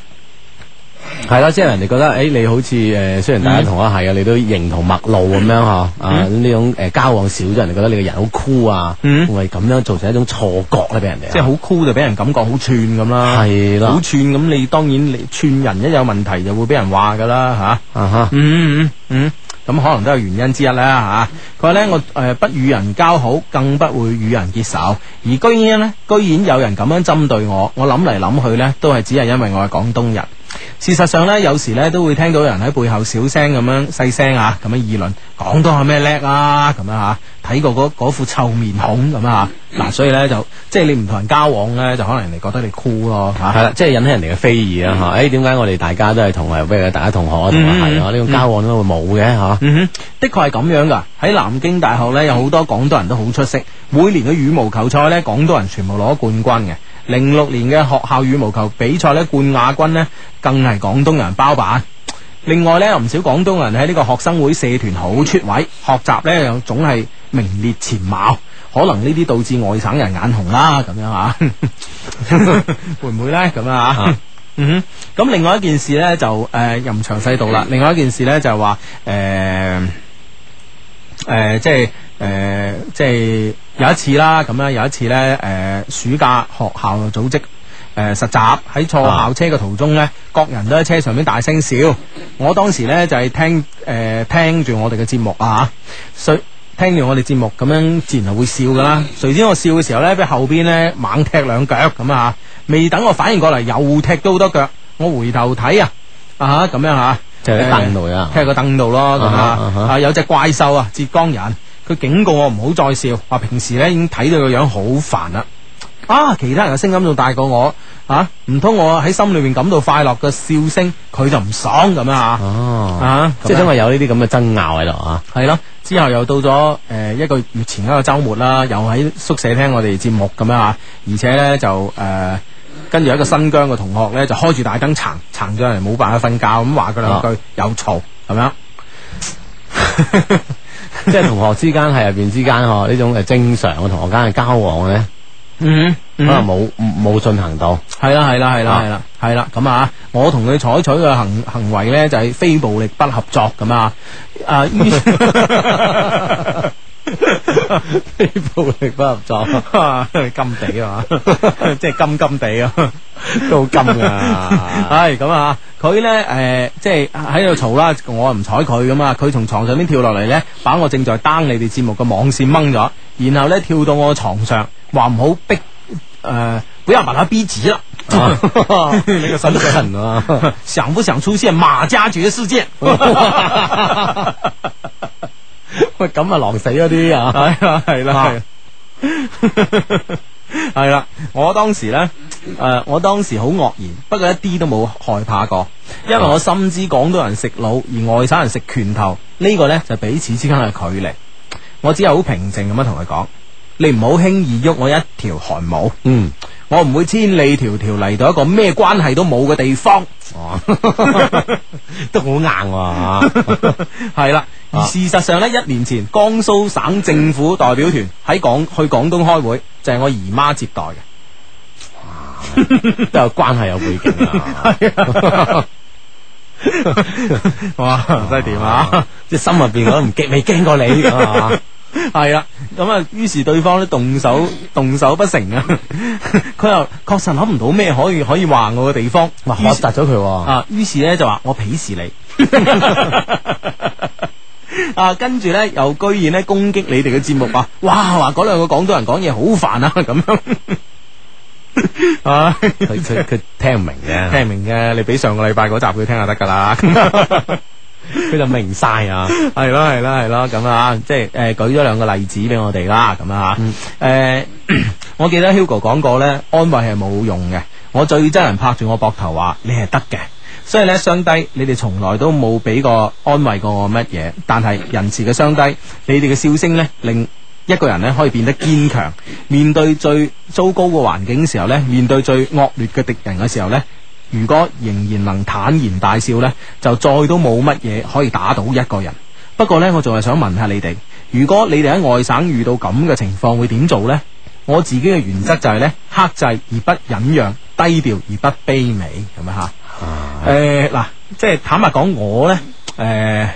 係啦，即 係人哋覺得誒、欸，你好似誒、哎，雖然大家同一系啊，你都形同陌路咁樣嗬啊呢、啊、種誒、呃、交往少咗，人哋覺得你個人好酷、cool、啊，係咁 樣造成一種錯覺咧、啊、俾、 嗯、人哋即係好酷就俾人感覺好串咁啦，係啦的，好串咁你當然你串人一有問題就會俾人話噶啦吓，嗯嗯嗯。 咁可能都係原因之一啦吓，佢話咧，我誒、呃、不與人交好，更不會與人結仇。而居然咧，居然有人咁樣針對我，我諗嚟諗去咧，都係只係因為我係廣東人。事實上咧，有時咧都會聽到人喺背後小聲咁樣細聲啊，咁樣議論，講多下咩叻啦，咁樣吓，睇過嗰副臭面孔咁啊吓。嗱，所以咧就即係你唔同人交往咧，就可能人哋覺得你酷咯吓。係啦，即、就、係、是、引起人哋嘅非議啦吓。誒、嗯，點解、啊、我哋大家都係同，譬如大家同學同學係、嗯嗯、啊，呢種交往都會冇嘅吓。啊、嗯哼、嗯，的確係咁樣噶。喺南京大學呢，有好多廣東人都好出色。每年嘅羽毛球賽呢，廣東人全部攞冠軍嘅。零六年嘅學校羽毛球比賽呢，冠亞軍呢，更係廣東人包辦。另外呢，唔少廣東人喺呢個學生會社團好出位，學習呢又總係名列前茅。可能呢啲導致外省人眼紅啦，咁樣吓、啊， 會唔會呢？咁啊，啊嗯哼。咁另外一件事呢，就誒、呃，又唔詳細到啦。另外一件事呢，就話誒。呃誒、呃，即係誒、呃，即係、呃、有一次啦，咁咧有一次呢，誒，暑假學校組織誒、呃、實習喺坐校車嘅途中呢，各人都喺車上面大聲笑。我當時呢，就係、是、聽誒、呃、聽住我哋嘅節目啊，隨聽住我哋節目咁樣自然係會笑噶啦。誰知我笑嘅時候呢，俾後邊呢猛踢兩腳咁啊，未等我反應過嚟，又踢到好多腳。我回頭睇啊啊，咁樣吓。啊喺凳度呀，喺個凳度咯，係嘛啊有隻怪獸啊，浙江人，佢警告我唔好再笑，話平時咧已經睇到個樣好煩啦，啊其他人嘅聲音仲大過我，啊唔通我喺心裏面感到快樂嘅笑聲，佢就唔爽咁樣啊，啊，啊即係因為有呢啲咁嘅爭拗喺度啊，係咯、啊，之後又到咗誒、呃、一個月前一個周末啦，又喺宿舍聽我哋節目咁樣啊，而且咧就誒。呃跟住一個新疆嘅同學咧，就開住大燈，撐撐咗嚟，冇辦法瞓覺咁，話佢兩句、啊、有嘈咁樣， 即係同學之間係入邊之間哦，呢種係正常嘅同學間嘅交往咧、嗯，嗯，可能冇冇進行到，係啦係啦係啦係啦係啦，咁啊，啊，我同佢採取嘅行行為咧就係、是、非暴力不合作咁啊，啊。 暴力不合作， 金地啊嘛笑，即係金金地啊 ，
都好很金啊 、
哎！唉，咁啊，佢咧誒，即係喺度嘈啦，我唔睬佢咁啊。佢從床上邊跳落嚟咧，把我正在 down 你哋節目嘅網線掹咗，然後咧跳到我床上，話唔好逼誒，俾人聞下 B 紙啦。 啊、 你個身痕啊！想唔想想出現馬家爵嘅事件？喂，咁啊狼死嗰啲啊，係啦，係啦，係啦，我當時呢，誒、呃，我當時好愕然，不過一啲都冇害怕過，
因為我深
知廣東人食腦，而外省人食拳頭，呢、這個呢，就是、彼此之間嘅距離。我只係好平靜咁樣同佢講：你唔好輕易喐我一條寒毛。嗯。我唔會千里迢迢嚟到一個咩關係都冇嘅地方，
哇
都好硬，係啦。而事實上呢，一年前江蘇省政府代表團喺廣去廣東開會，就係、是、我姨媽接待嘅，都有關係有背
景
啊！ 哇，唔使點啊，即 係 心入邊我都唔驚，未驚過你 係啦，咁啊，於是對方咧，動手動手不成啊，佢又確實諗唔到咩可以可以話我嘅地方，我窒咗佢啊。於是咧就話我鄙視你啊，跟住咧又居然咧攻擊你哋嘅節目啊，哇！話嗰兩個廣東人講嘢好煩啊，咁樣啊，佢佢佢聽唔明嘅，聽唔明嘅，你俾上個禮拜嗰集佢聽就得噶啦。佢 就明晒啊！係咯，係咯，係咯，咁啊，即係誒，舉咗兩個例子俾我哋啦，咁啊，誒、呃，我記得 Hugo 講過呢，安慰係冇用嘅。我最憎人拍住我膊頭話你係得嘅，所以呢，傷低，你哋從來都冇俾個安慰過我乜嘢。但係人字嘅傷低，你哋嘅笑聲呢，令一個人呢可以變得堅強，面對最糟糕嘅環境時候呢，面對最惡劣嘅敵人嘅時候呢，如果仍然能坦然大笑呢，就再都冇乜嘢可以打倒一個人。不過呢，我仲係想問下你哋，如果你哋喺外省遇到咁嘅情況，會點做呢？我自己嘅原則就係、是、呢，克制而不忍讓，低調而不卑微，咁樣吓？誒、啊，嗱、呃，即係坦白講，我呢，誒、呃，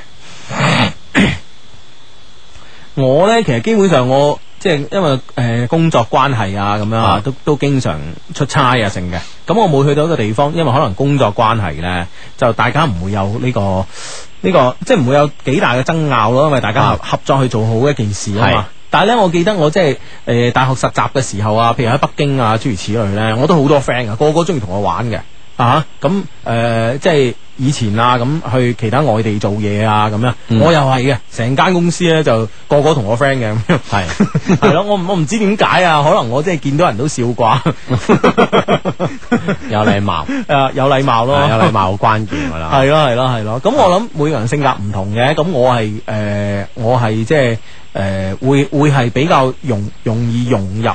我呢，其實基本上我。即係因為誒、呃、工作關係啊咁樣啊，啊都都經常出差啊成嘅。咁我冇去到一個地方，因為可能工作關係咧，就大家唔會有呢、這個呢、這個，即係唔會有幾大嘅爭拗咯、啊，因為大家合、啊、合作去做好一件事啊嘛。是但係咧，我記得我即係誒大學實習嘅時候啊，譬如喺北京啊諸如此類咧，我都好多 friend 啊，個個中意同我玩嘅啊。咁誒、呃、即係。以前啊，咁去其他外地做嘢啊，咁樣、嗯、我又係嘅。成間公司咧，就個個同我 friend 嘅咁樣，係係咯。我我唔知點解啊，可能我即係見到人都笑啩， 有禮貌誒、啊，有禮貌咯， 啊、有禮貌好關鍵㗎啦，係咯係咯係咯。咁、啊啊啊啊、我諗每個人性格唔同嘅，咁我係誒、呃、我係即係誒會會係比較容容易融入。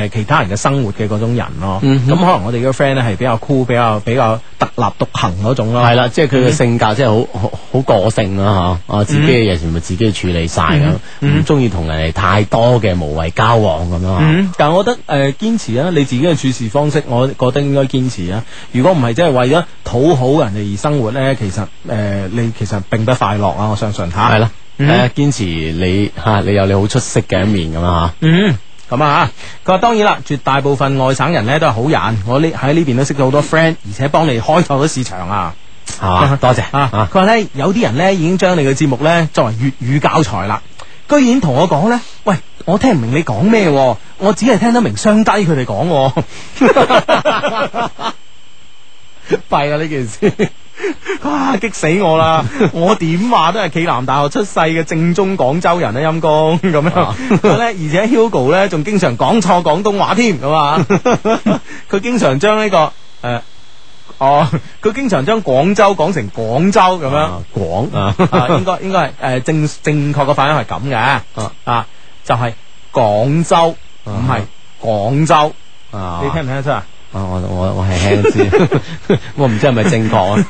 誒，其他人嘅生活嘅嗰種人咯，咁、嗯、哼可能我哋個 friend 咧，係比較酷，比較比較特立獨行嗰種咯。係啦，即係佢嘅性格真，即係好好好個性啦吓。啊，自己嘅嘢全部自己處理晒咁，唔中意同人哋太多嘅無謂交往咁樣、啊嗯。但係我覺得誒，堅、呃、持咧、啊、你自己嘅處事方式，我覺得應該堅持啊。如果唔係，即係為咗討好人哋而生活咧，其實誒、呃，你其實並不快樂啊。我相信，下。係啦，堅、嗯、持你吓、啊，你有你好出色嘅一面咁啦吓。嗯。咁啊吓，佢話當然啦，絕大部分外省人咧都係好人，我呢喺呢邊都識咗好多 friend，而且幫你開拓咗市場啊，係、啊啊、多謝啊！佢話咧有啲人咧已經將你嘅節目咧作為粵語教材啦，居然同我講咧，喂，我聽唔明你講咩、啊，我只係聽得明雙低佢哋講，弊啊呢件事。哇！激死我啦！ 我點話都係暨南大學出世嘅正宗廣州人、啊、陰 呢？陰公咁樣咧。而且 Hugo 咧仲經常講錯廣東話添咁啊！佢經常將呢、這個誒，哦、啊，佢、啊、經常將廣州講成廣州咁樣廣啊，啊，應該應該係誒正正確嘅反應係咁嘅啊，就係、是、廣州唔係廣州啊，你聽唔聽得出啊？
啊！我我我係聽知，我唔 知係咪正確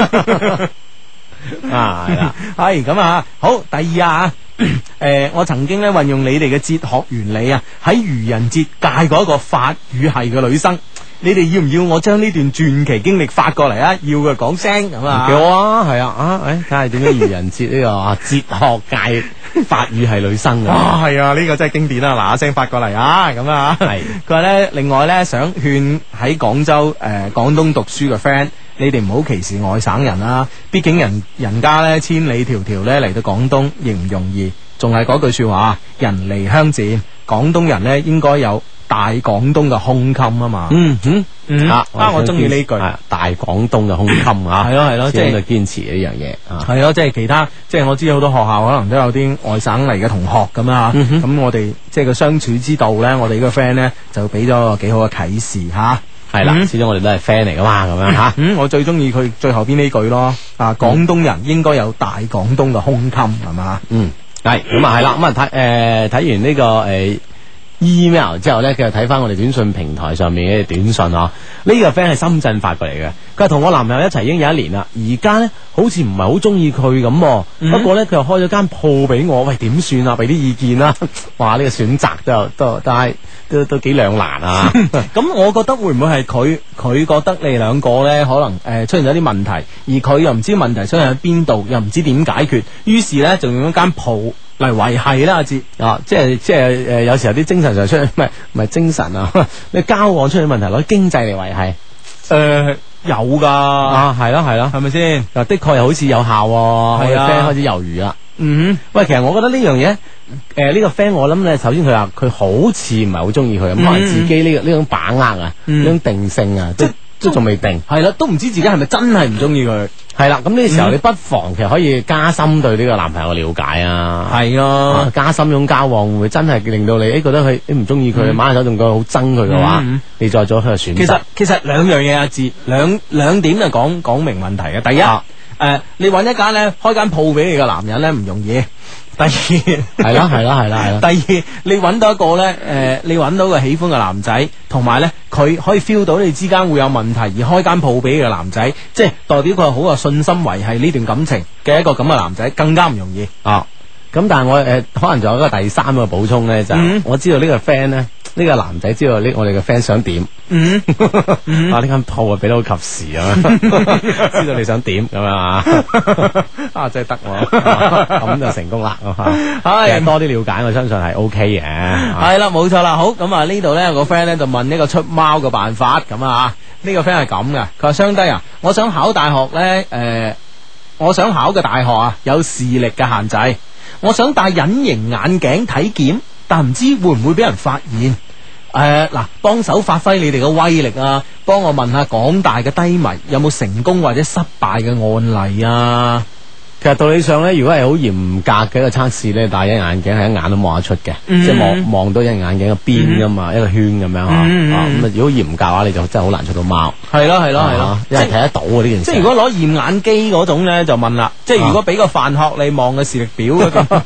啊！
啊係啦，係咁啊，好第二啊，誒、 呃，我曾經咧運用你哋嘅哲學原理啊，喺愚人節界過一個法語系嘅女生。你哋要唔要我將呢段傳奇經歷發過嚟啊？要嘅講聲咁啊，幾好啊，係啊啊！哎、啊，睇下點樣愚人節呢、這個 哲學界法語系女生啊？哇、哦，係啊，呢、這個真係經典啊！嗱，聲發過嚟啊，咁啊，係佢話呢，另外呢，想勸喺廣州誒廣、呃、東讀書嘅 friend，你哋唔好歧視外省人啦、啊，畢竟人人家呢，千里迢迢呢嚟到廣東亦唔容易，仲係嗰句說話，人離鄉賤，廣東人呢應該有。大廣東嘅胸襟啊嘛，嗯哼，啊，我中意呢句，大廣東嘅胸襟啊，係咯，係咯，即係堅持呢樣嘢，係咯，即係其他，即係我知道好多學校可能都有啲外省嚟嘅同學咁啊，咁我哋即係個相處之道咧，我哋呢個 friend 咧就俾咗幾好嘅啟示吓，係啦，始終我哋都係 friend 嚟噶嘛，咁樣吓，我最中意佢最後邊呢句咯，啊，廣東人應該有大廣東嘅胸襟，係嘛，嗯，係，咁啊係啦，咁啊睇，誒，睇完呢個誒。email 之後呢，佢又睇翻我哋短信平台上面嘅短信呵。呢、啊呢個 friend 係深圳發過嚟嘅，佢話同我男朋友一齊已經有一年啦。而家呢，好似唔係好中意佢咁，mm hmm。不過呢，佢又開咗間鋪俾我。喂，點算啊？俾啲意見啦、啊。哇，呢、呢個選擇都都，但係都都，都幾兩難啊。咁 我覺得會唔會係佢佢覺得你兩個呢？可能誒、呃、出現咗啲問題，而佢又唔知問題出現喺邊度，又唔知點解決，於是呢，就用一間鋪嚟維繫啦，阿哲，啊，即係即係誒、呃，有時候啲精神上出嚟出嚟，唔係唔係精神啊，你 交往出咗問題，攞經濟嚟維繫，誒、呃，有噶，啊，係咯係咯，係咪先？嗱吧、啊，的確又好似有效、啊，的我嘅 friend 開始猶豫啦。
嗯
哼，喂，其實我覺得呢樣嘢，誒、呃，呢、這個 friend 我諗咧，首先佢話佢好似唔係好中意佢，咁可能、嗯、哼自己呢、這個呢種、這個、把握啊，呢、嗯、種定性啊，即都仲未定，係咯，都唔知自己係咪真係唔中意佢？係啦，咁呢個時候你不妨其實可以加深對呢個男朋友嘅了解啊。係啊的，加深咁交往會唔會真係令到你誒覺得佢，你唔中意佢，買下手仲覺得好憎佢嘅話，嗯、你再做佢嘅選擇。其實其實兩樣嘢啊，知兩兩點就講講明問題嘅。第一，誒、啊呃，你搵一間咧開間鋪俾你嘅男人咧唔容易。第二係啦係啦係啦， 第二你揾到一個咧，誒、呃，你揾到個喜歡嘅男仔，同埋咧佢可以 feel 到你之間會有問題而開間鋪俾嘅男仔，即係代表佢好有信心維繫呢段感情嘅一個咁嘅男仔，更加唔容易啊。咁、哦、但係我誒、呃，可能仲有一個第三個補充咧，就係，我知道個呢個 friend 咧。呢個男仔知道呢，我哋個 friend 想點，嗯、 啊，呢間鋪啊俾到及時啊， 知道你想點咁啊，真 啊真係得喎，咁 就成功啦，即、啊、係 多啲了解，我相信係 O K 嘅。係啦， 冇錯啦，好咁啊，呢度咧有個 friend 咧就問呢個出貓嘅辦法咁啊，呢個 friend 係咁嘅，佢話兄弟啊，我想考大、大學咧，誒、呃呃，我想考嘅大、大、大學啊有視力嘅限制，我想戴隱形眼鏡體檢。但唔知會唔會俾人發現？誒、呃、嗱，幫手發揮你哋嘅威力啊！幫我問下廣大嘅低迷有冇成功或者失敗嘅案例啊！其實道理上咧，如果係好嚴格嘅一個測試咧，戴眼鏡係一眼都望得出嘅，mm hmm. 即係望望到一隻眼鏡個邊噶嘛，mm hmm. 一個圈咁樣嗬。咁、mm hmm. 啊、嗯，如果嚴格嘅話，你就真係好難出到貓。係咯係咯係咯，因為睇即得到啊呢件事即。即係如果攞驗眼機嗰種咧，就問啦，即係如果俾、啊、個飯盒你望嘅視力表嗰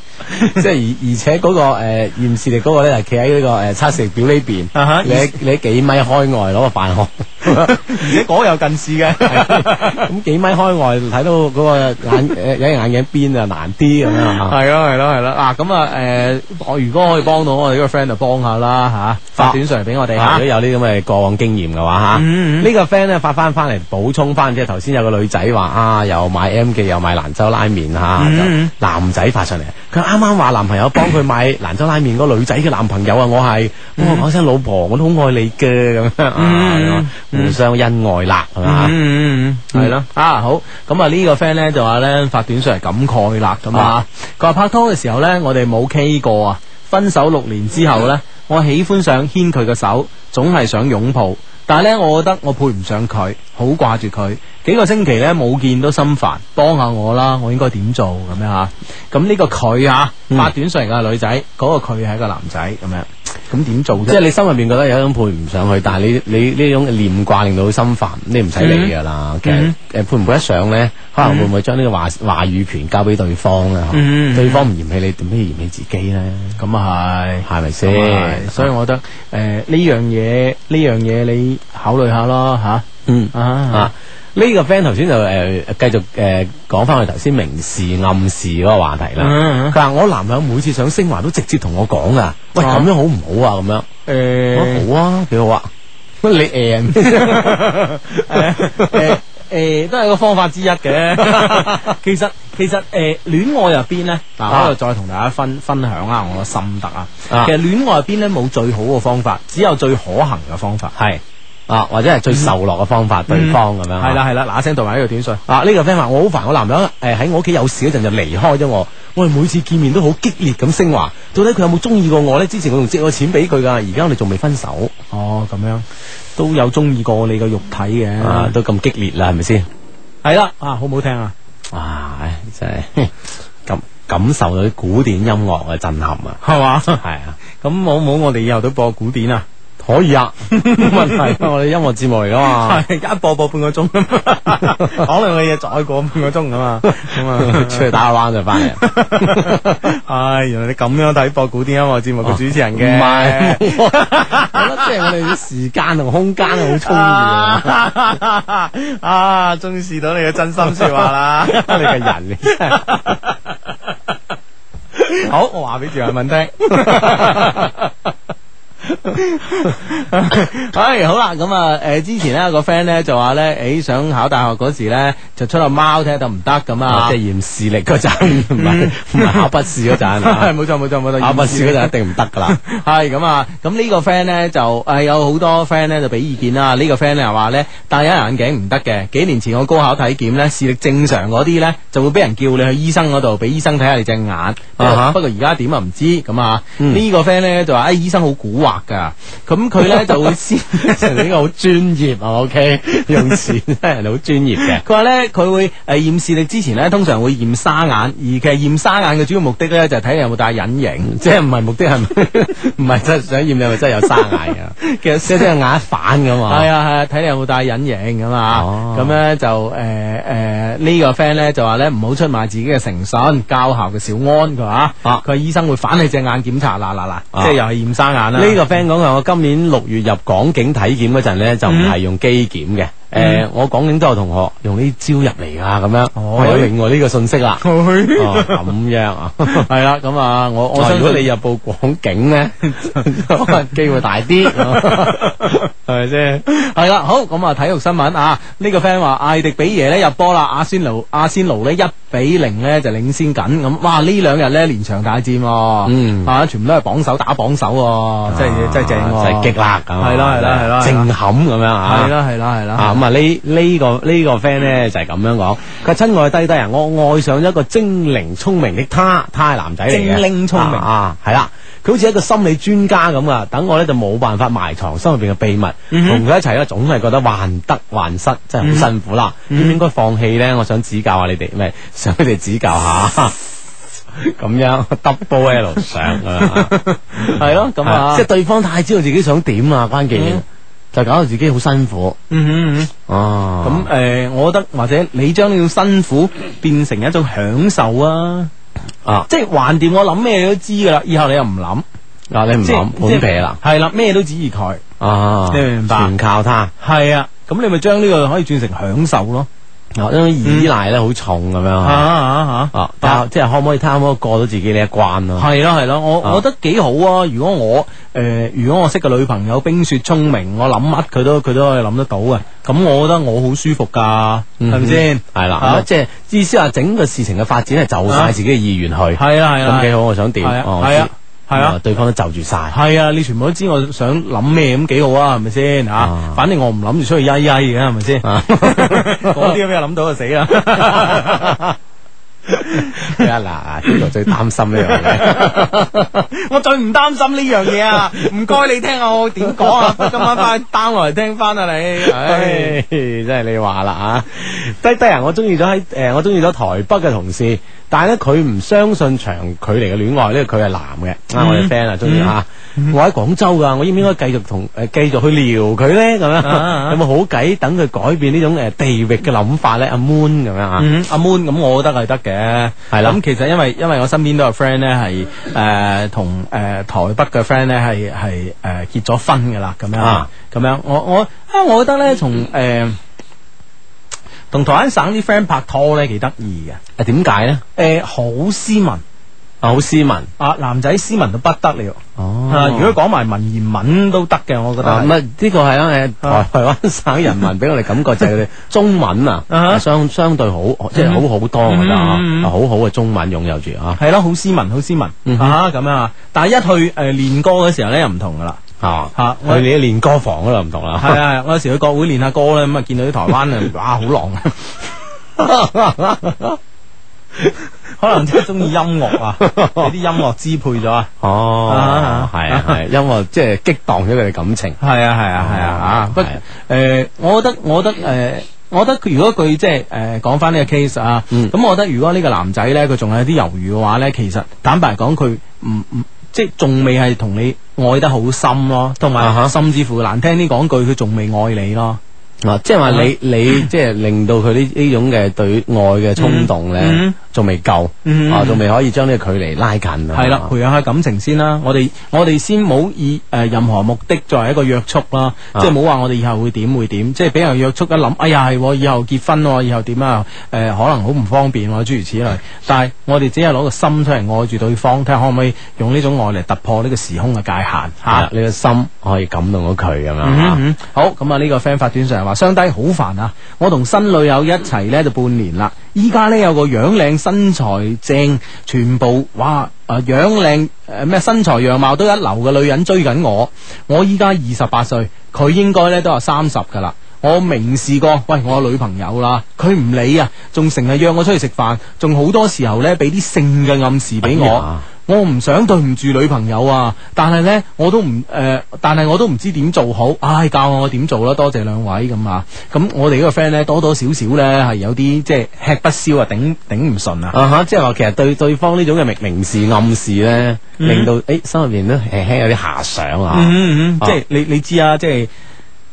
即係而而且嗰個誒驗視力嗰個咧係企喺呢個誒測視力表呢邊，你你幾米開外攞個飯盒，而且嗰有近視嘅，咁幾米開外睇到嗰個眼、呃呃呃呃呃呃呃睇眼鏡邊、嗯、啊難啲咁樣，係咯係咯係咯，嗱、呃，咁啊誒，我如果可以幫到我哋呢個 friend 就幫下啦吓，發、啊啊、短信嚟俾我哋、啊、如果有啲咁嘅過往經驗嘅話吓，嗯嗯個呢個 friend 咧發翻翻嚟補充翻，即係頭先有個女仔話啊，又買 M 記又買蘭州拉麵吓，啊、嗯嗯嗯就男仔發上嚟。佢啱啱話男朋友幫佢買蘭州拉麵嗰女仔嘅男朋友啊，我係咁、mm hmm. 我講聲老婆，我都好愛你嘅咁樣互相恩愛啦，係嘛、mm？嗯嗯嗯，係咯、mm hmm. 啊好，咁啊呢個 friend 咧就話咧發短信嚟感慨啦，咁、mm hmm. 啊佢話拍拖嘅時候咧我哋冇 K 過啊，分手六年之後咧，mm hmm. 我喜歡上牽佢嘅手，總係想擁抱。但係咧，我覺得我配唔上佢，好掛住佢，幾個星期咧冇見都心煩，幫下我啦，我應該點做咁樣吓、啊？咁呢個佢吓、啊，發、嗯、短信個女仔，嗰、那個佢係一個男仔咁樣。咁點做？啫？即係你心入邊覺得有一種配唔上去，但係你你呢種念掛令到心煩，你唔使理噶啦。嗯、其實誒，配唔配得上咧，可能會唔會將呢個話話語權交俾對方啊？嗯、對方唔嫌棄你，點可以嫌棄自己咧？咁啊係，係咪先？所以我覺得誒呢樣嘢呢樣嘢，呃這個這個、你考慮下啦吓。嗯啊啊。嗯啊呢個 friend 頭先就誒、呃、繼續誒、呃、講翻佢頭先明示暗示嗰個話題啦。佢話、嗯嗯、我男朋友每次想升華都直接同我講噶。啊、喂，咁樣好唔好啊？咁樣誒、呃啊，好啊，幾好啊。乜你誒誒誒都係個方法之一嘅。 其實其實誒戀愛入邊咧，嗱、啊、我度再同大家分分享下我嘅心得啊。其實戀愛入邊咧冇最好嘅方法，只有最可行嘅方法係。啊，或者係最受落嘅方法，嗯、對方咁樣。係啦，係啦，嗱聲對埋呢個短信。啊，呢、這個 friend 話我好煩，我男朋友誒喺我屋企有事嗰陣就離開咗我。我哋每次見面都好激烈咁升華。到底佢有冇中意過我呢？之前我仲借過錢俾佢噶，而家我哋仲未分手。哦，咁樣都有中意過你嘅肉體嘅、啊，都咁激烈啦，係咪先？係啦，啊好唔好聽啊？啊，真係感感受下啲古典音樂嘅震撼啊，係嘛吧？係啊的，咁 好唔好？我哋以後都播古典啊？可以啊，冇問題。我哋音樂節目嚟噶嘛，一播播半個鐘，講兩個嘢再過半個鐘咁嘛。咁啊，出去打下玩就翻嚟。唉，原來你咁樣睇播古典音樂節目嘅主持人嘅。唔係，即係我哋啲時間同空間好充裕啊。啊，終於試到你嘅真心說話啦，你嘅人嚟。好，我話俾住文文聽。 哎，好啦，咁啊，誒，之前咧個 friend 咧就話咧，誒、欸，想考大學嗰時咧就出到貓睇下得唔得咁啊，即係驗視力嗰陣，唔係唔係考筆試嗰陣。係、嗯，冇錯冇錯冇錯，考筆試嗰陣一定唔得噶啦。係咁啊，咁、 啊、呢個 friend 咧就誒、啊、有好多 friend 咧就俾意見啦。 個呢個 friend 咧又話咧，戴眼鏡唔得嘅。幾年前我高考體檢咧，視力正常嗰啲咧就會俾人叫你去醫生嗰度，俾醫生睇下你隻眼。啊不過而家點啊唔知咁啊呢個 friend 咧就話，誒，醫生好蠱惑噶，咁佢咧就會先成個好專業，ok 啊用詞真係好專業嘅。佢話咧佢會誒驗視力之前咧，通常會驗沙眼，而其實驗沙眼嘅主要目的咧就係睇你有冇帶隱形，即係唔係目的係唔係真係想驗你係咪真係有沙眼啊？其實即係眼反咁嘛！係啊係啊，睇你有冇帶隱形咁啊！咁咧就誒誒呢個 friend 咧就話咧唔好出賣自己嘅誠信，教校嘅小安。係嘛？佢話、啊、醫生會反起隻眼檢查嗱嗱嗱，啊、即係又係驗生眼啦。呢、啊這個 friend 講話我今年六月入港警體檢嗰陣咧，嗯、就唔係用機檢嘅。誒，我講緊都有同學用呢招入嚟噶，咁樣，哦，有另外呢個信息啦，哦，咁樣，係啦，咁啊，我我如果你入報廣景咧，可能機會大啲，係咪先？係啦，好，咁啊，體育新聞啊，呢個 friend 話，艾迪比耶呢入波啦，阿仙奴，阿仙奴呢一比零呢就領先緊，咁哇，呢兩日呢連場大戰，嗯，啊，全部都係榜首打榜首，即係即係正，極辣咁，係啦係啦係啦，正冚咁樣啊，係啦係啦係啦，這個這個、呢呢個呢個 friend 咧就係、是、咁樣講，佢話，親愛弟弟啊，我愛上一個精靈聰明的他，他係男仔嚟嘅，精靈聰明啊係啦，佢、啊、好似一個心理專家咁啊，等我咧就冇辦法埋藏心裏邊嘅秘密，同佢一齊咧總係覺得患得患失，真係好辛苦啦，應唔、嗯、哼應該放棄咧？我想指教下你哋，咩想你哋指教下，咁樣 double L 上、嗯、哼 啊，
係咯，咁 啊，嗯、即係對
方太知道自己想點啊，關鍵。 就搞到自己好辛苦。嗯哼，嗯哼，哦、啊。咁誒、呃，我覺得或者你將呢種辛苦變成一種享受啊！啊即係橫掂，我諗咩你都知㗎啦。以後你又唔諗，嗱、啊、你唔諗，攰皮啦。係啦，咩都指意佢。哦、啊，你明唔明白？全靠他。係啊，咁你咪將呢個可以轉成享受咯。因為依賴咧，好重咁樣嚇嚇嚇，啊、嗯！但即係可唔可以睇下對可唔可以過到自己呢一
關啊？係
咯係咯，我覺得幾好啊！如果我誒、呃，如果我識個女朋友冰雪聰明，我諗乜佢都佢都可以諗得到嘅，咁我覺得我好舒服㗎、啊，係咪先？係啦，即係至少話整個事情嘅發展係就曬自己嘅意願去，係啦係啦，咁幾、啊、好，我想點？係啊。嗯係 啊對， 對方都就住晒。係 啊，你全部都知我想諗咩咁幾好是是啊，係咪先吓？反正我唔諗住出去曳曳嘅，係咪先？嗰啲有咩諗到就死、 哎、啦！嗱，呢個最擔心呢樣嘢。 我最唔擔心呢樣嘢啊！唔該你聽我點講啊！今晚返 down 落嚟聽翻啊你。唉，真係你話啦吓。低低啊，我中意咗喺誒，我中意咗台北嘅同事。但係咧，佢唔相信長距離嘅戀愛咧，佢係男嘅，啊，我哋 friend 啊，中意啊，我喺廣州噶，我應唔應該繼續同誒繼續去撩佢咧？咁樣有冇好計等佢改變呢種誒地域嘅諗法咧？阿 moon 咁樣啊，阿 moon 咁，我覺得係得嘅，係啦。咁其實因為因為我身邊都有 friend 咧，係誒同誒台北嘅 friend 咧，係係誒結咗婚噶啦，咁樣咁樣，我我啊，我覺得咧從誒。同台灣省啲 friend 拍拖咧幾得意嘅，誒點解咧？誒好、啊呃、斯文，啊好斯文，啊男仔斯文到不得了，
哦、啊。如果
講埋文言文都得嘅，我覺得。唔係呢個係啊，誒、這個呃啊啊、台灣省人民俾我哋感覺就係佢哋中文啊， 啊相相對好，即係好好多，嗯嗯嗯嗯嗯我覺得啊，好好嘅中文擁有住啊。係咯，好斯文，好斯文，嚇咁、嗯嗯嗯、啊！但係一去誒、呃、練歌嘅時候咧，又唔同噶啦。啊！吓去啲練歌房嗰度唔同啦。係啊，我有時去國會練下歌咧，咁啊見到啲台灣啊，哇好浪，啊，可能真係中意音樂啊，俾啲音樂支配咗啊。哦，係係音樂即係激盪咗佢嘅感情。係啊係啊係啊吓。不誒，我覺得我覺得誒，我覺得如果佢即係誒講翻呢個 case 啊，咁我覺得如果呢個男仔咧，佢仲有啲猶豫嘅話咧，其實坦白講，佢唔唔。即係仲未係同你愛得好深咯，同埋甚至乎難聽啲講句，佢仲未愛你咯。嗱、啊，即係話你、啊、你即係令到佢呢呢種嘅對愛嘅衝動咧。嗯嗯仲未夠，啊、嗯哼，仲未可以將呢個距離拉近啊！係啦，培養下感情先啦。我哋我哋先冇以誒、呃、任何目的作為一個約束啦，啊、即係冇話我哋以後會點會點，即係俾人約束一諗，哎呀係，以後結婚喎，以後點啊？誒、呃，可能好唔方便喎，諸如此類。但係我哋只係攞個心出嚟愛住對方，睇下可唔可以用呢種愛嚟突破呢個時空嘅界限嚇。你、啊啊你個心可以感動到佢咁樣好，咁啊呢個 friend 發短信話相低好煩啊！我同新女友一齊呢就半年啦。依家咧有個樣靚，身材正，全部哇啊，樣靚誒咩身材樣貌都一流嘅女人追緊我，我依家二十八歲，佢應該咧都有三十噶啦。我明示過，喂，我有女朋友啦，佢唔理啊，仲成日約我出去食飯，仲好多時候咧，俾啲性嘅暗示俾我。我唔想對唔住女朋友啊，但係咧，我都唔誒、呃，但係我都唔知點做好。唉、哎，教我點做啦，多謝兩位咁啊。咁我哋呢個 friend 咧，多多少少咧係有啲即係吃不消啊，頂頂唔順啊。順 uh、huh, 即係話其實對對方呢種嘅明,明示暗示咧，mm hmm. 令到誒心入面咧輕輕有啲遐想啊。即係你你知啊，即係。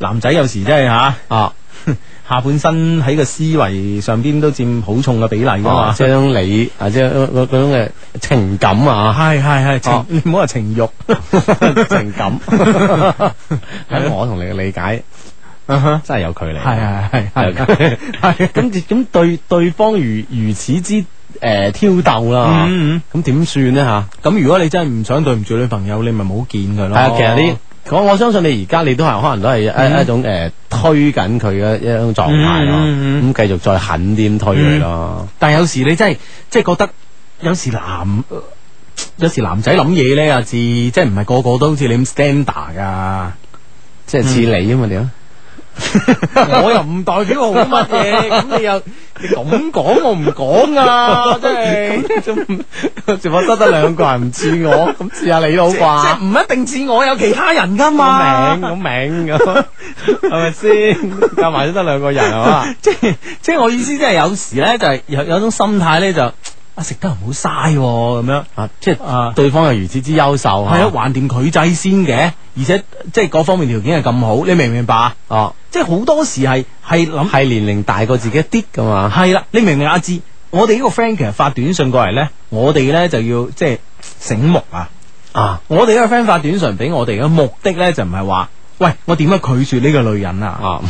男仔有時真係嚇，啊下半身喺個思維上邊都佔好重嘅比例㗎嘛，即係、啊即係啊即係、種啊即係嗰種嘅情感啊，係係係，係係係啊、你唔好話情慾， 情感喺 我同你嘅理解，真係有距離。係係係係，係咁 對對方如如此之誒挑逗啦，咁點算呢？嚇？咁如果你真係唔想對唔住女朋友，你咪冇見佢咯。其實啲。我我相信你而家你都係可能都係、嗯、一一種誒、呃、推緊佢嘅一種狀態咯，咁繼、嗯嗯嗯、續再狠啲咁推佢咯、嗯。但係有時你真係即係覺得有時男、呃、有時男仔諗嘢咧，又似即係唔係個個都好似你咁 standard 噶，即係似你啊嘛，你啊、嗯。
我又唔代表好 我好乜
嘢，咁你又你咁講我唔講啊！
真係是，仲日得得兩個人唔似我，咁似下你都好啩？
即係唔一定似我，有其他人㗎嘛？咁名咁名咁，係咪先？加埋都得兩個人係嘛？即係即係我意思，即係有
時咧就係、是、
有有種心態咧就是。食得唔好嘥咁樣啊，樣啊即係對方又如此之優秀，係啊，橫掂佢制先嘅，而且即係各方面條件係咁好，你明唔明白啊？即係好多時係係諗係年齡大過自己一啲噶嘛，係啦、啊啊，你明唔明阿志，啊啊、我哋呢個 friend 其實發短信過嚟咧，我哋咧就要即係醒目啊啊！我哋呢個 friend 發短信俾我哋嘅目的咧，就唔係話喂，我點樣拒絕呢個女人啊？啊，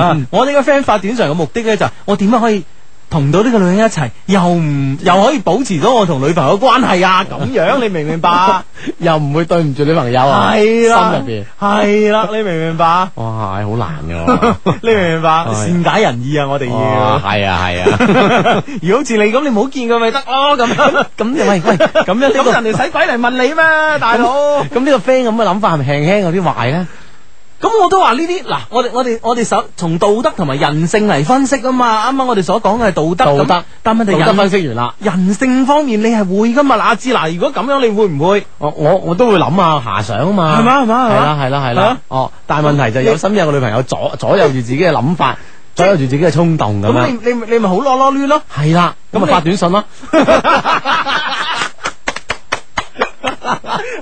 啊，我哋呢個 friend 發短信嘅目的咧，就係、我點樣可以。同到呢個女人一齊，又唔又可以保持到我同女朋友關係啊？咁樣你明唔明白？又唔會對唔住女朋友啊？係啦，心入邊係啦，你明唔明白？哇，唉，好難噶，你明唔明白？善解人意啊，我哋要係啊係啊。如果好似你咁，你冇見佢咪得咯。咁咁，喂喂，咁樣咁人哋使鬼嚟問你咩？大佬，咁呢個 friend 咁嘅諗法係咪輕輕有啲壞咧？咁、嗯、我都話呢啲，嗱，我哋我哋我哋首從道德同埋人性嚟分析啊嘛，啱啱我哋所講嘅係道德，道德，啱啱道德分析完啦，人性方面你係會噶嘛？阿、啊、志，嗱，如果咁樣你會唔會？我我我都會諗下遐想啊下想嘛。係嘛係嘛係啦係啦係啦。哦，但係問題就係有心有個女朋友左右 左右住自己嘅諗法，左右住自己嘅衝動咁樣。咁你你咪好囉囉攣咯。係啦，咁咪發短信咯。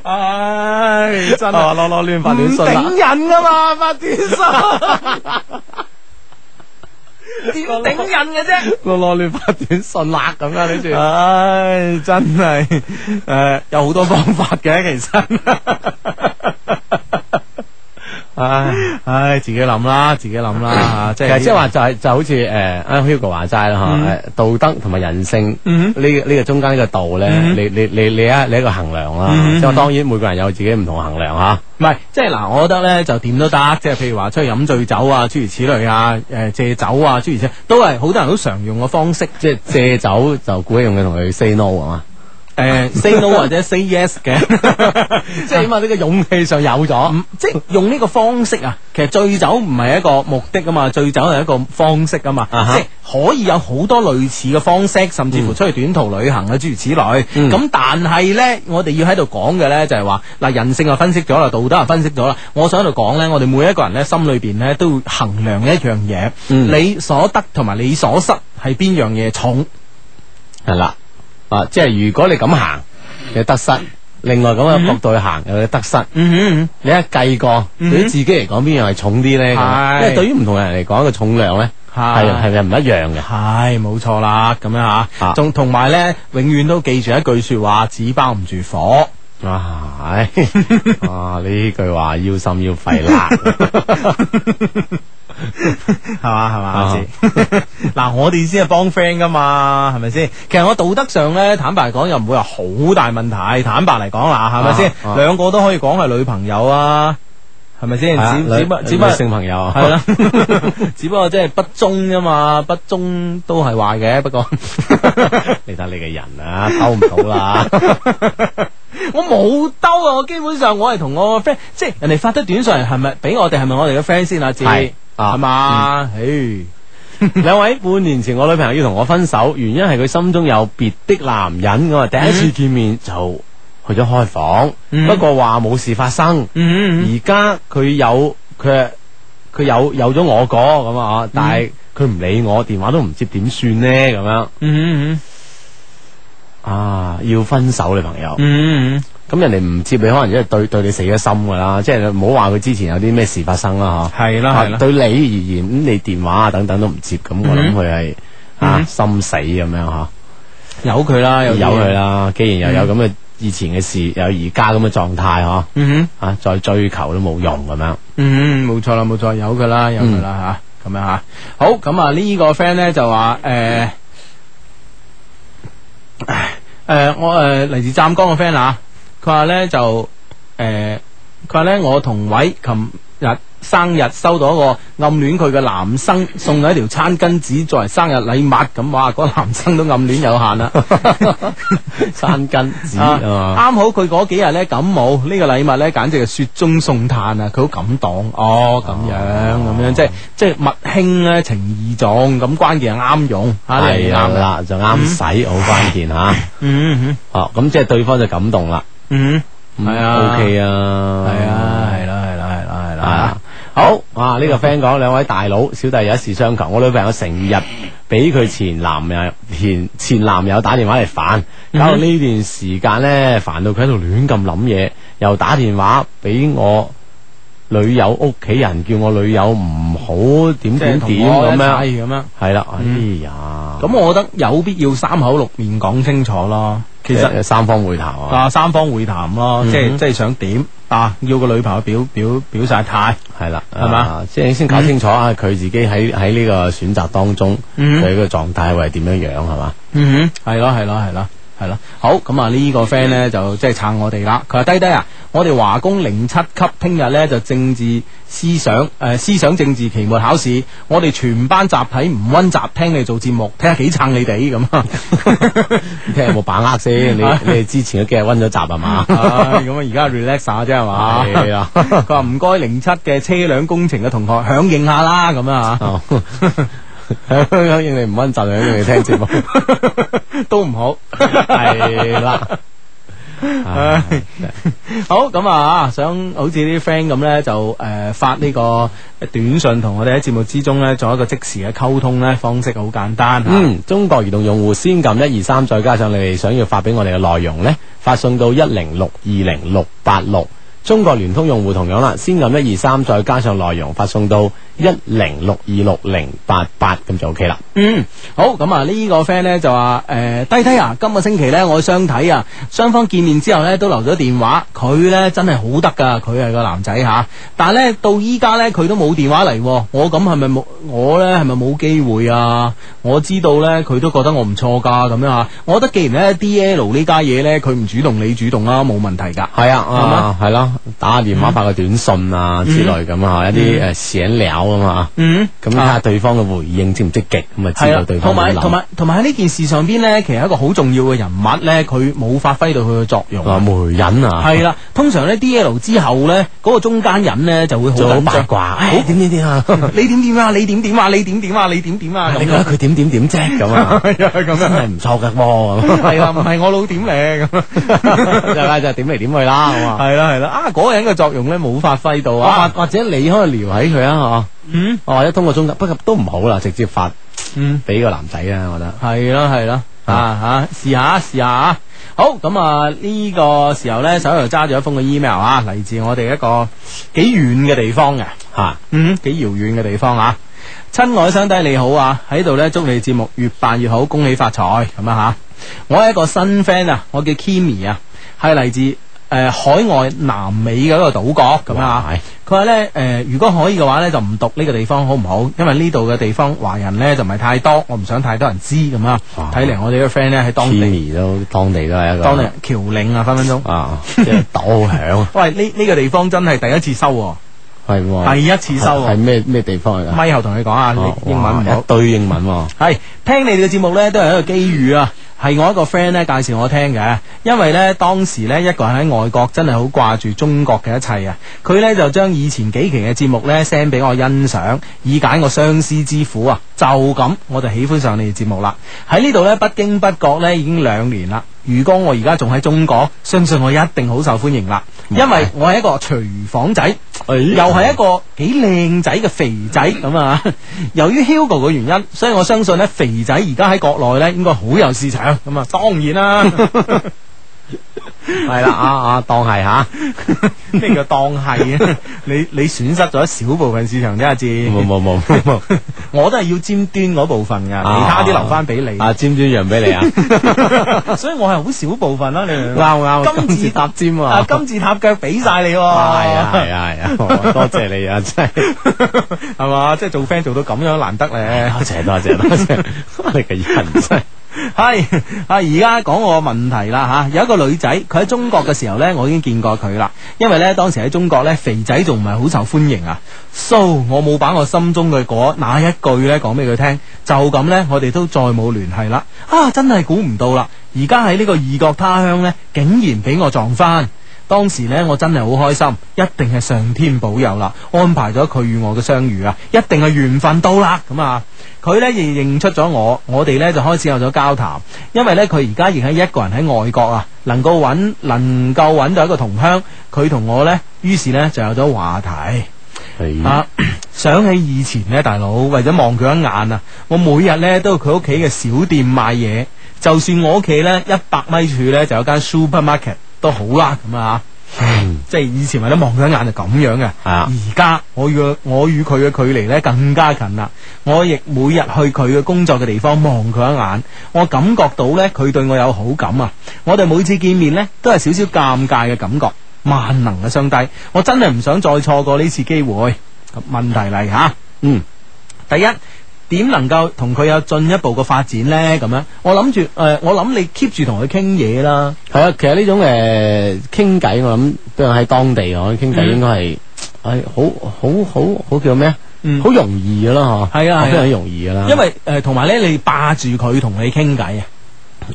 唉，真係攞攞亂發短信啦！唔頂
癮噶嘛， 發短信，點頂癮嘅啫，
攞攞亂發短信啦咁啦，你哋唉，真係，誒，有好多方法嘅其實。 唉唉，自己諗啦，自己諗啦吓，即係即係話就係就好似誒，阿 Hugo 話齋啦吓，誒，道德同埋人性呢，呢個中間呢個道咧，你你你你一你一個衡量啦，即係當然每個人有自己唔同衡量吓，唔係即係嗱，我覺得咧就點都得，即係譬如話出去飲醉酒啊，諸如此類啊，誒，借酒啊，諸如此，都係好多人都常用嘅方式，即係借酒就故意用佢同佢 say no 啊嘛。誒、uh huh.，say no 或者 say yes 嘅、 嗯，即係起碼呢個勇氣上有咗，即係用呢個方式啊。其實醉酒唔係一個目的啊嘛，醉酒係一個方式啊嘛，uh huh. 即係可以有好多類似嘅方式，甚至乎出去短途旅行啊，諸、mm. 如此類。咁、mm. 但係呢，我哋要喺度講嘅呢，就係話嗱，人性啊分析咗啦，道德啊分析咗啦，我想喺度講呢，我哋每一個人呢，心裏邊呢，都會衡量一樣嘢，mm. 你所得同埋你所失係邊樣嘢重係啦。嗯 right. 啊，即係如果你咁行你得失，另外咁嘅角度去行嘅得失，嗯嗯、你一計過，嗯、哼對自己嚟講邊樣係重啲呢？是因為對於唔同人嚟講個重量咧，係係咪唔一樣嘅。係冇錯啦，咁樣吓、啊，仲同埋咧，永遠都記住一句說話，紙包唔住火。啊， 啊呢句話要心要肺辣。 係嘛，係嘛，嗱，我哋先係幫 friend 噶嘛，係咪先？其實我道德上咧，坦白講又唔會話好大問題。坦白嚟講啦，係咪先？兩個都可以講係女朋友啊，係咪先？只只、啊是啊、 只不過性朋友係啦，只不過即係不忠啊嘛，不忠都係壞嘅。不過 你睇你嘅人啊，兜唔到啦。 我冇兜啊，我基本上我係同我個 friend，即係人哋發得短信係咪俾我哋？係咪我哋嘅 friend 先啊？自己。是係嘛、啊吧嗯？嘿，兩 位半年前我女朋友要同我分手，原因係佢心中有別的男人咁啊。第一次見面就去咗開房，嗯、不過話冇事發生。而家佢有佢佢有有咗我個咁啊，但係佢唔理我，電話都唔接，點算呢？咁樣，嗯哼嗯哼啊，要分手女朋友。嗯哼嗯哼咁人哋唔接你，可能因為對對你死咗心噶啦，即係你唔好話佢之前有啲咩事發生啦吓。係啦係啦，對你而言咁，你電話啊等等都唔接，咁我諗佢係啊心死咁樣吓。有佢啦，又有佢啦。既然又有咁嘅以前嘅事，有而家咁嘅狀態嗬，啊再追求都冇用咁樣。嗯，冇錯啦，冇錯，有佢啦，有佢啦吓，咁樣吓。好，咁啊呢個 friend 咧就話誒誒我誒嚟自湛江嘅 friend 啊。佢話咧就誒，佢話咧我同偉琴日生日收到一個暗戀佢嘅男生送咗一條餐巾紙作為生日禮物，咁哇，嗰個男生都暗戀有限啦，餐巾紙啱好佢嗰幾日咧感冒，呢個禮物咧簡直係雪中送炭啊！佢好感動哦，咁樣咁樣，即係即係物輕咧情意重，咁關鍵係啱用啊，係啦就啱使好關鍵吓，嗯嗯哦咁即係對方就感動啦。嗯，唔係啊，OK 啊，係啊，係啦、啊，係啦、啊，係啦、啊，係啦、啊啊，好啊，呢個 friend 講，兩位大佬小弟有一事相求，我女朋友成日俾佢前男友前前男友打電話嚟煩，搞到呢段時間呢，煩到佢喺度亂咁諗嘢，又打電話俾我女友屋企人，叫我女友唔好點點點咁樣，
係咁
樣，係啦，哎呀、啊，咁、嗯嗯、我覺得有必要三口六面講清楚咯。其實三方會談啊，啊三方會談咯，即係即係想點啊？要個女朋友表表表晒態，係啦，係嘛？即係先搞清楚、嗯、哼啊，佢自己喺喺呢個選擇當中，佢個狀態會係點樣樣係嘛？嗯哼，係咯，係咯，係咯。哼係啦，好，咁啊呢個 friend 咧就即係撐我哋啦。佢話低低啊，我哋華工零七級聽日咧就政治思想誒、呃、思想政治期末考試，我哋全班集體唔溫習聽你做節目，聽下幾撐你哋咁。睇下 有冇把握先。你 你之前嘅幾日溫咗習啊嘛？咁啊、 哎 er、而家 relax 下啫係嘛。係啊。佢話唔該零七嘅車輛工程嘅同學響應下啦咁啊。 係，當然 你唔温習，當然嚟聽節目 都唔好係啦。好咁啊，想好似啲 friend 咁咧，就誒、呃、發呢個短信，同我哋喺節目之中咧，做一個即時嘅溝通咧，方式好簡單。嗯，對中國移動用戶先撳一二三，再加上你哋想要發俾我哋嘅內容咧，發送到一零六二零六八六。中國聯通用戶同樣啦，先撳一二三，3，再加上內容發送到一零六二六零八八，咁就 OK 啦。嗯，好，咁啊呢、這個 friend 呢，就話誒、呃，低低啊，今個星期呢，我相睇啊，雙方見面之後呢，都留咗電話，佢呢，真係好得噶，佢係個男仔吓、啊，但係咧，到依家呢，佢都冇電話嚟，我咁係咪冇？我呢，係咪冇機會啊？我知道呢，佢都覺得我唔錯噶，咁樣吓，我覺得既然呢 D L 呢家嘢呢，佢唔主動，你主動啦，冇問題噶。係啊，係啦。Uh, 打下電話、發個短信啊之類咁啊，一啲誒寫料啊嘛，咁睇下對方嘅回應積唔積極，咁啊知道對方同埋同埋同埋喺呢件事上邊咧，其實一個好重要嘅人物咧，佢冇發揮到佢嘅作用。媒人啊，係啦，通常咧 D L 之後咧，嗰個中間人咧就會好八卦，點點點啊，你點點啊，你點點啊，你點點啊，你點點啊，你覺得佢點點點啫，咁啊，真係唔錯嘅喎，係啦，唔係我老點嚟，咁就係就點嚟點去啦，係嘛，係啦係啦。啊！嗰、那個人嘅作用咧冇發揮到啊，或、啊、或者你可以撩起佢啊，嗬、啊？嗯，我、啊、或者通過中介，不及都唔好啦，直接發嗯俾個男仔啊，我覺得係咯係咯，啊吓試下試、啊、下啊！好咁啊，呢、這個時候咧手頭揸住一封嘅 email 啊，嚟自我哋一個幾遠嘅地方嘅吓，啊、嗯哼，幾遙遠嘅地方啊！親愛相弟你好啊，喺度咧祝你節目越辦越好，恭喜發財咁啊吓、啊！我係一個新 friend 啊，我叫 Kimi 啊，係嚟自。誒，海外南美嘅一個島國咁啊，佢話咧，誒，如果可以嘅話咧，就唔讀呢個地方好唔好？因為呢度嘅地方華人咧就唔係太多，我唔想太多人知咁啊。睇嚟，我哋嘅 friend 咧喺當地都當地都係一個當地僑領啊，分分鐘啊，即係鬥響。喂，呢呢個地方真係第一次收，係第一次收，係咩咩地方嚟噶？咪後同你講下，英文唔好，一堆英文，係聽你哋嘅節目咧，都係一個機遇啊！係我一個 friend 咧，介紹我聽嘅，因為咧當時咧一個人喺外國真係好掛住中國嘅一切啊！佢咧就將以前幾期嘅節目咧 send 俾我欣賞，以解我相思之苦啊！就咁，我就喜歡上你哋節目啦！喺呢度咧不經不覺咧已經兩年啦。如果我而家仲喺中國，相信我一定好受歡迎啦。因為我係一個廚房仔，哎、又係一個幾靚仔嘅肥仔咁啊！ 由於 Hugo 嘅原因，所以我相信呢肥仔而家喺國內呢應該好有市場咁啊！ 當然啦～ 係啦，阿阿當係吓，咩叫當係啊？你你損失咗一小部分市場啫，阿志。冇冇冇冇，我都係要尖端嗰部分噶，其他啲留翻俾你。啊，尖端讓俾你啊！所以我係好少,、嗯、少部分啦，你啱啱？啊、金字塔尖啊，金字塔腳俾晒你。係啊係啊係啊，哎哎、多謝你啊，真係係嘛，即係做 friend 做到咁樣難得咧。多謝多謝多謝，你
嘅、這個、人真係。
係啊！而家講我問題啦吓，有一個女仔，佢喺中國嘅時候呢，我已經見過佢啦。因為呢當時喺中國呢，肥仔仲唔係好受歡迎啊。So 我冇把我心中嘅嗰那一句呢講俾佢聽，就咁呢，我哋都再冇聯繫啦。啊，真係估唔到啦！而家喺呢個異國他鄉呢，竟然俾我撞翻。當時呢，我真係好開心，一定係上天保佑啦，安排咗佢與我嘅相遇啊！一定係緣分到啦咁啊！佢呢亦認出咗我，我哋呢就開始有咗交談。因為呢，佢而家仍係一個人喺外國啊，能夠揾能夠揾到一個同鄉，佢同我呢，於是呢就有咗話題係啊！想起以前呢大佬為咗望佢一眼啊，我每日呢都去佢屋企嘅小店買嘢，就算我屋企呢，一百米處呢就有間 supermarket。都好啦、啊，咁啊即係以前或者望佢一眼就咁樣嘅。而家我與我與佢嘅距離咧更加近啦，我亦每日去佢嘅工作嘅地方望佢一眼，我感覺到咧佢對我有好感啊！我哋每次見面咧都係少少尷尬嘅感覺。萬能嘅上帝，我真係唔想再錯過呢次機會。咁問題嚟吓、啊，嗯，第一。點能夠同佢有進一步嘅發展咧？咁樣，我諗住誒，我諗你 keep 住同佢傾嘢啦。係啊，其實呢種誒傾偈，我諗，比如喺當地，我傾偈應該係係好好好好叫咩啊？嗯，好容易噶啦，嗬。係啊，啊啊非常容易噶啦。因為誒，同埋咧，你霸住佢同你傾偈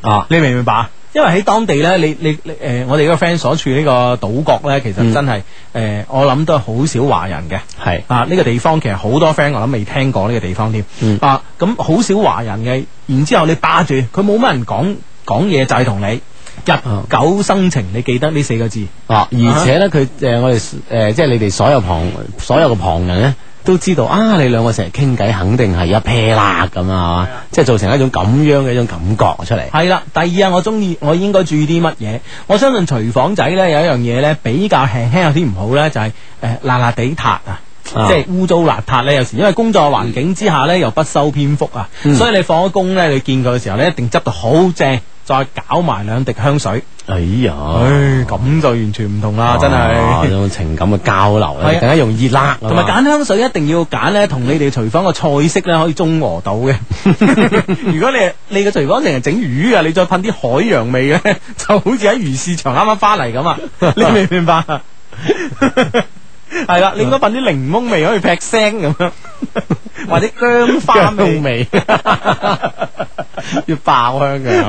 啊，你明唔明白啊？因為喺當地咧，你你你誒、呃，我哋嗰個 friend 所處呢個島國咧，其實真係誒、嗯、呃，我諗都係好少華人嘅。係是啊，呢、這個地方其實好多 friend 我諗未聽過呢個地方添。嗯、啊，咁好少華人嘅，然之後你霸住佢冇乜人講講嘢就係、是、同你日久生情，你記得呢四個字。啊，而且咧，佢誒、呃、我哋誒、呃、即係你哋所有旁所有嘅旁人咧。都知道啊，你兩個成日傾偈，肯定係一 pair 啦，咁啊，即係造成一種咁樣嘅一種感覺出嚟。係啦，第二啊，我中意我應該注意啲乜嘢？我相信廚房仔呢，有一樣嘢呢，比較輕輕有啲唔好呢，就係誒邋邋地塌啊，即係污糟邋遢呢，有時因為工作環境之下呢，又不修邊幅啊，嗯、所以你放咗工呢，你見佢嘅時候呢，一定執到好正。再搞埋兩滴香水，哎呀，咁就完全唔同啦，真係，種、啊、情感嘅交流，更加容易啦。同埋揀香水一定要揀咧，同你哋廚房嘅菜式咧可以中和到嘅。 如果你你個廚房淨係整魚啊，你再噴啲海洋味嘅，就好似喺魚市場啱啱翻嚟咁啊！ 你明唔明白？係 啦，你應該噴啲檸檬味可以劈聲咁樣， 或者薑花味。薑味 要爆香嘅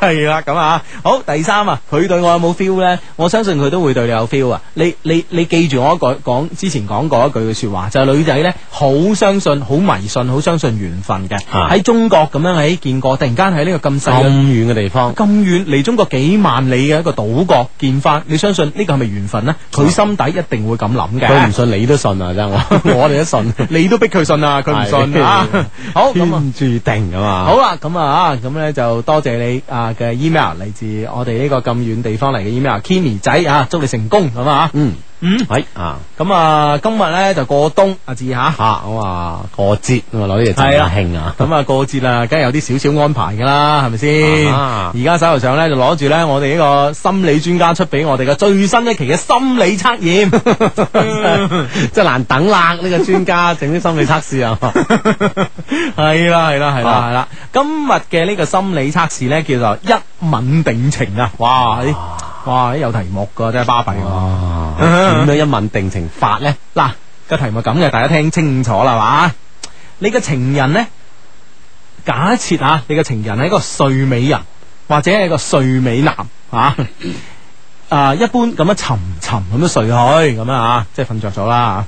係啦，咁 啊，好，第三啊，佢對我有冇 feel 呢？我相信佢都會對你有 feel 啊！你你你記住我一個講之前講過一句嘅說話，就係、是、女仔呢，好相信、好迷信、好相信緣分嘅。喺、啊、中國咁樣喺見過，突然間喺呢個咁細咁遠嘅地方，咁遠嚟中國幾萬里嘅一個島國見翻，你相信呢個係咪緣分呢？佢、嗯、心底一定會咁諗嘅。佢唔信，你都信啊！真我哋都信，你都逼佢信啊！佢唔信啊！好咁啊，注定啊嘛。好啦，咁啊。啊，咁咧就多謝你啊嘅 email 嚟自我哋呢個咁遠地方嚟嘅 email，Kimi 仔啊，祝你成功好嘛？啊，嗯。嗯，係啊，咁啊，今日咧就過冬啊，節下，吓，好啊，過節，啊，攞啲嘢真係慶啊，咁啊過節啦，梗係有啲少少安排噶啦，係咪先？啊，而家手頭上咧就攞住咧，我哋呢個心理專家出俾我哋嘅最新一期嘅心理測驗，即係難等啦！呢個專家整啲心理測試啊，係啦係啦係啦係啦，今日嘅呢個心理測試咧叫做一吻定情啊，哇！哇！有題目噶，真係巴閉。點樣哇一吻定情法咧，嗱個題目咁嘅，大家聽清楚啦嘛。你個情人咧，假設啊，你個情人係一個睡美人，或者係個睡美男啊？啊，一般咁樣沉沉咁樣睡去咁啊，即係瞓着咗啦。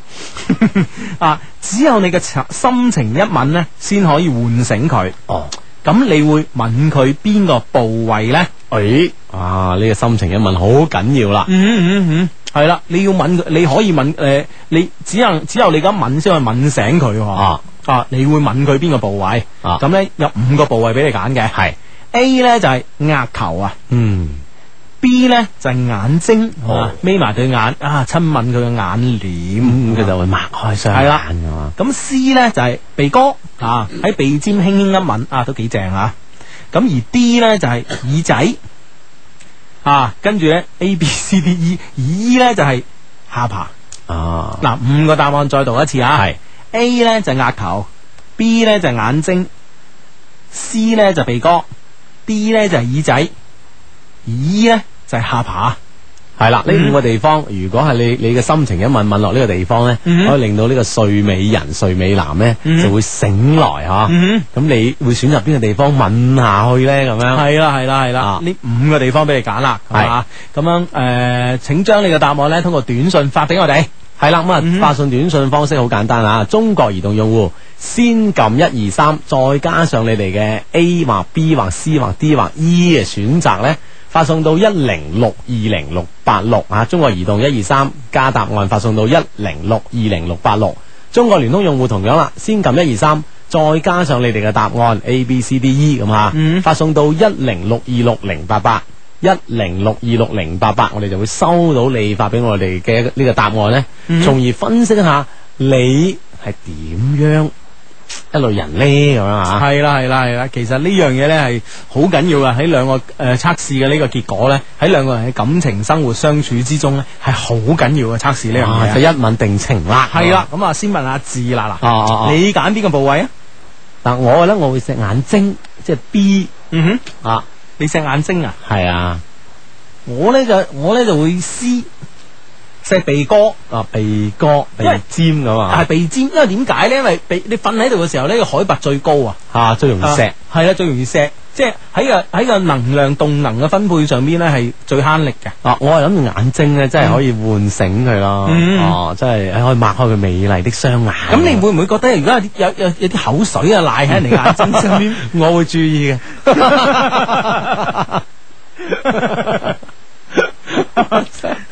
啊，只有你嘅心情一吻咧，先可以喚醒佢。哦咁你會吻佢邊個部位咧？誒、哎，啊，呢個心情一吻好緊要啦、嗯。
嗯嗯嗯，
係、嗯、啦，你要吻，你可以吻誒、呃，你只能只有你咁吻先可以吻醒佢。啊啊，你會吻佢邊個部位？啊，咁咧有五個部位俾你揀嘅，係是 A 咧就係額頭啊。嗯。B 咧就係、是、眼睛，眯埋對眼，啊親吻佢嘅眼簾，佢、嗯嗯、就會擘開雙眼噶。咁 C 咧就係、是、鼻哥，啊喺鼻尖輕輕一吻，啊都幾正啊。咁而 D 咧就係、是、耳仔，啊跟住咧 A B C D E，E 咧、e、就係、是、下巴。哦、啊，嗱五個答案再讀一次啊。係的 A 咧就額、是、頭，B 咧就是、眼睛，C 咧就是、鼻哥，D 咧就係、是、耳仔。咦？咧就係下巴，係啦。呢五個地方，如果係你你嘅心情一吻吻落呢個地方咧，可以令到呢個睡美人、睡美男咧就會醒來吓。咁你會選擇邊個地方吻下去咧？咁樣，係啦，係啦，係啦。呢五個地方俾你揀啦，係啦，咁樣誒，請將你嘅答案咧通過短信發俾我哋。係啦，咁啊，發信短信方式好簡單啊。中國移動用戶先撳一二三，再加上你哋嘅 A 或 B 或 C 或 D 或 E 嘅選擇咧。發送到一零六二零六八六吓，中國移動一二三加答案發送到一零六二零六八六，中國聯通用戶同樣啦，先撳一二三，再加上你哋嘅答案 A B C D E 咁吓、啊嗯、發送到一零六二六零八八一零六二六零八八，我哋就會收到你發俾我哋嘅呢個答案咧，從、嗯、而分析一下你係點樣。一類人呢，咁樣啊，係啦係啦係啦，其實呢樣嘢咧係好緊要噶，喺兩個誒測試嘅呢個結果咧，喺兩個人嘅感情生活相處之中咧，係好緊要嘅測試呢樣嘢。啊，就一吻定情啦。係啦、啊，咁啊,啊，先問阿志啦，嗱、啊，啊、你揀邊個部位啊？嗱，我覺得我會錫眼睛，即係 B。嗯哼，啊，你錫眼睛啊？係啊，我咧就我咧就會 C。錫鼻哥啊，鼻哥鼻尖咁啊，係鼻尖，因為點解咧？因為鼻你瞓喺度嘅時候呢個海拔最高啊，吓最容易錫，係啦，最容易錫，啊，即係喺個喺個能量動能嘅分配上邊咧，係最慳力嘅。啊，我係諗住眼睛咧，真係可以喚醒佢咯，哦，嗯，真係，啊，可以擘開佢美麗的雙眼。咁，嗯，你會唔會覺得，如果有有有啲口水啊，瀨喺你眼睛上面？ 我會注意嘅。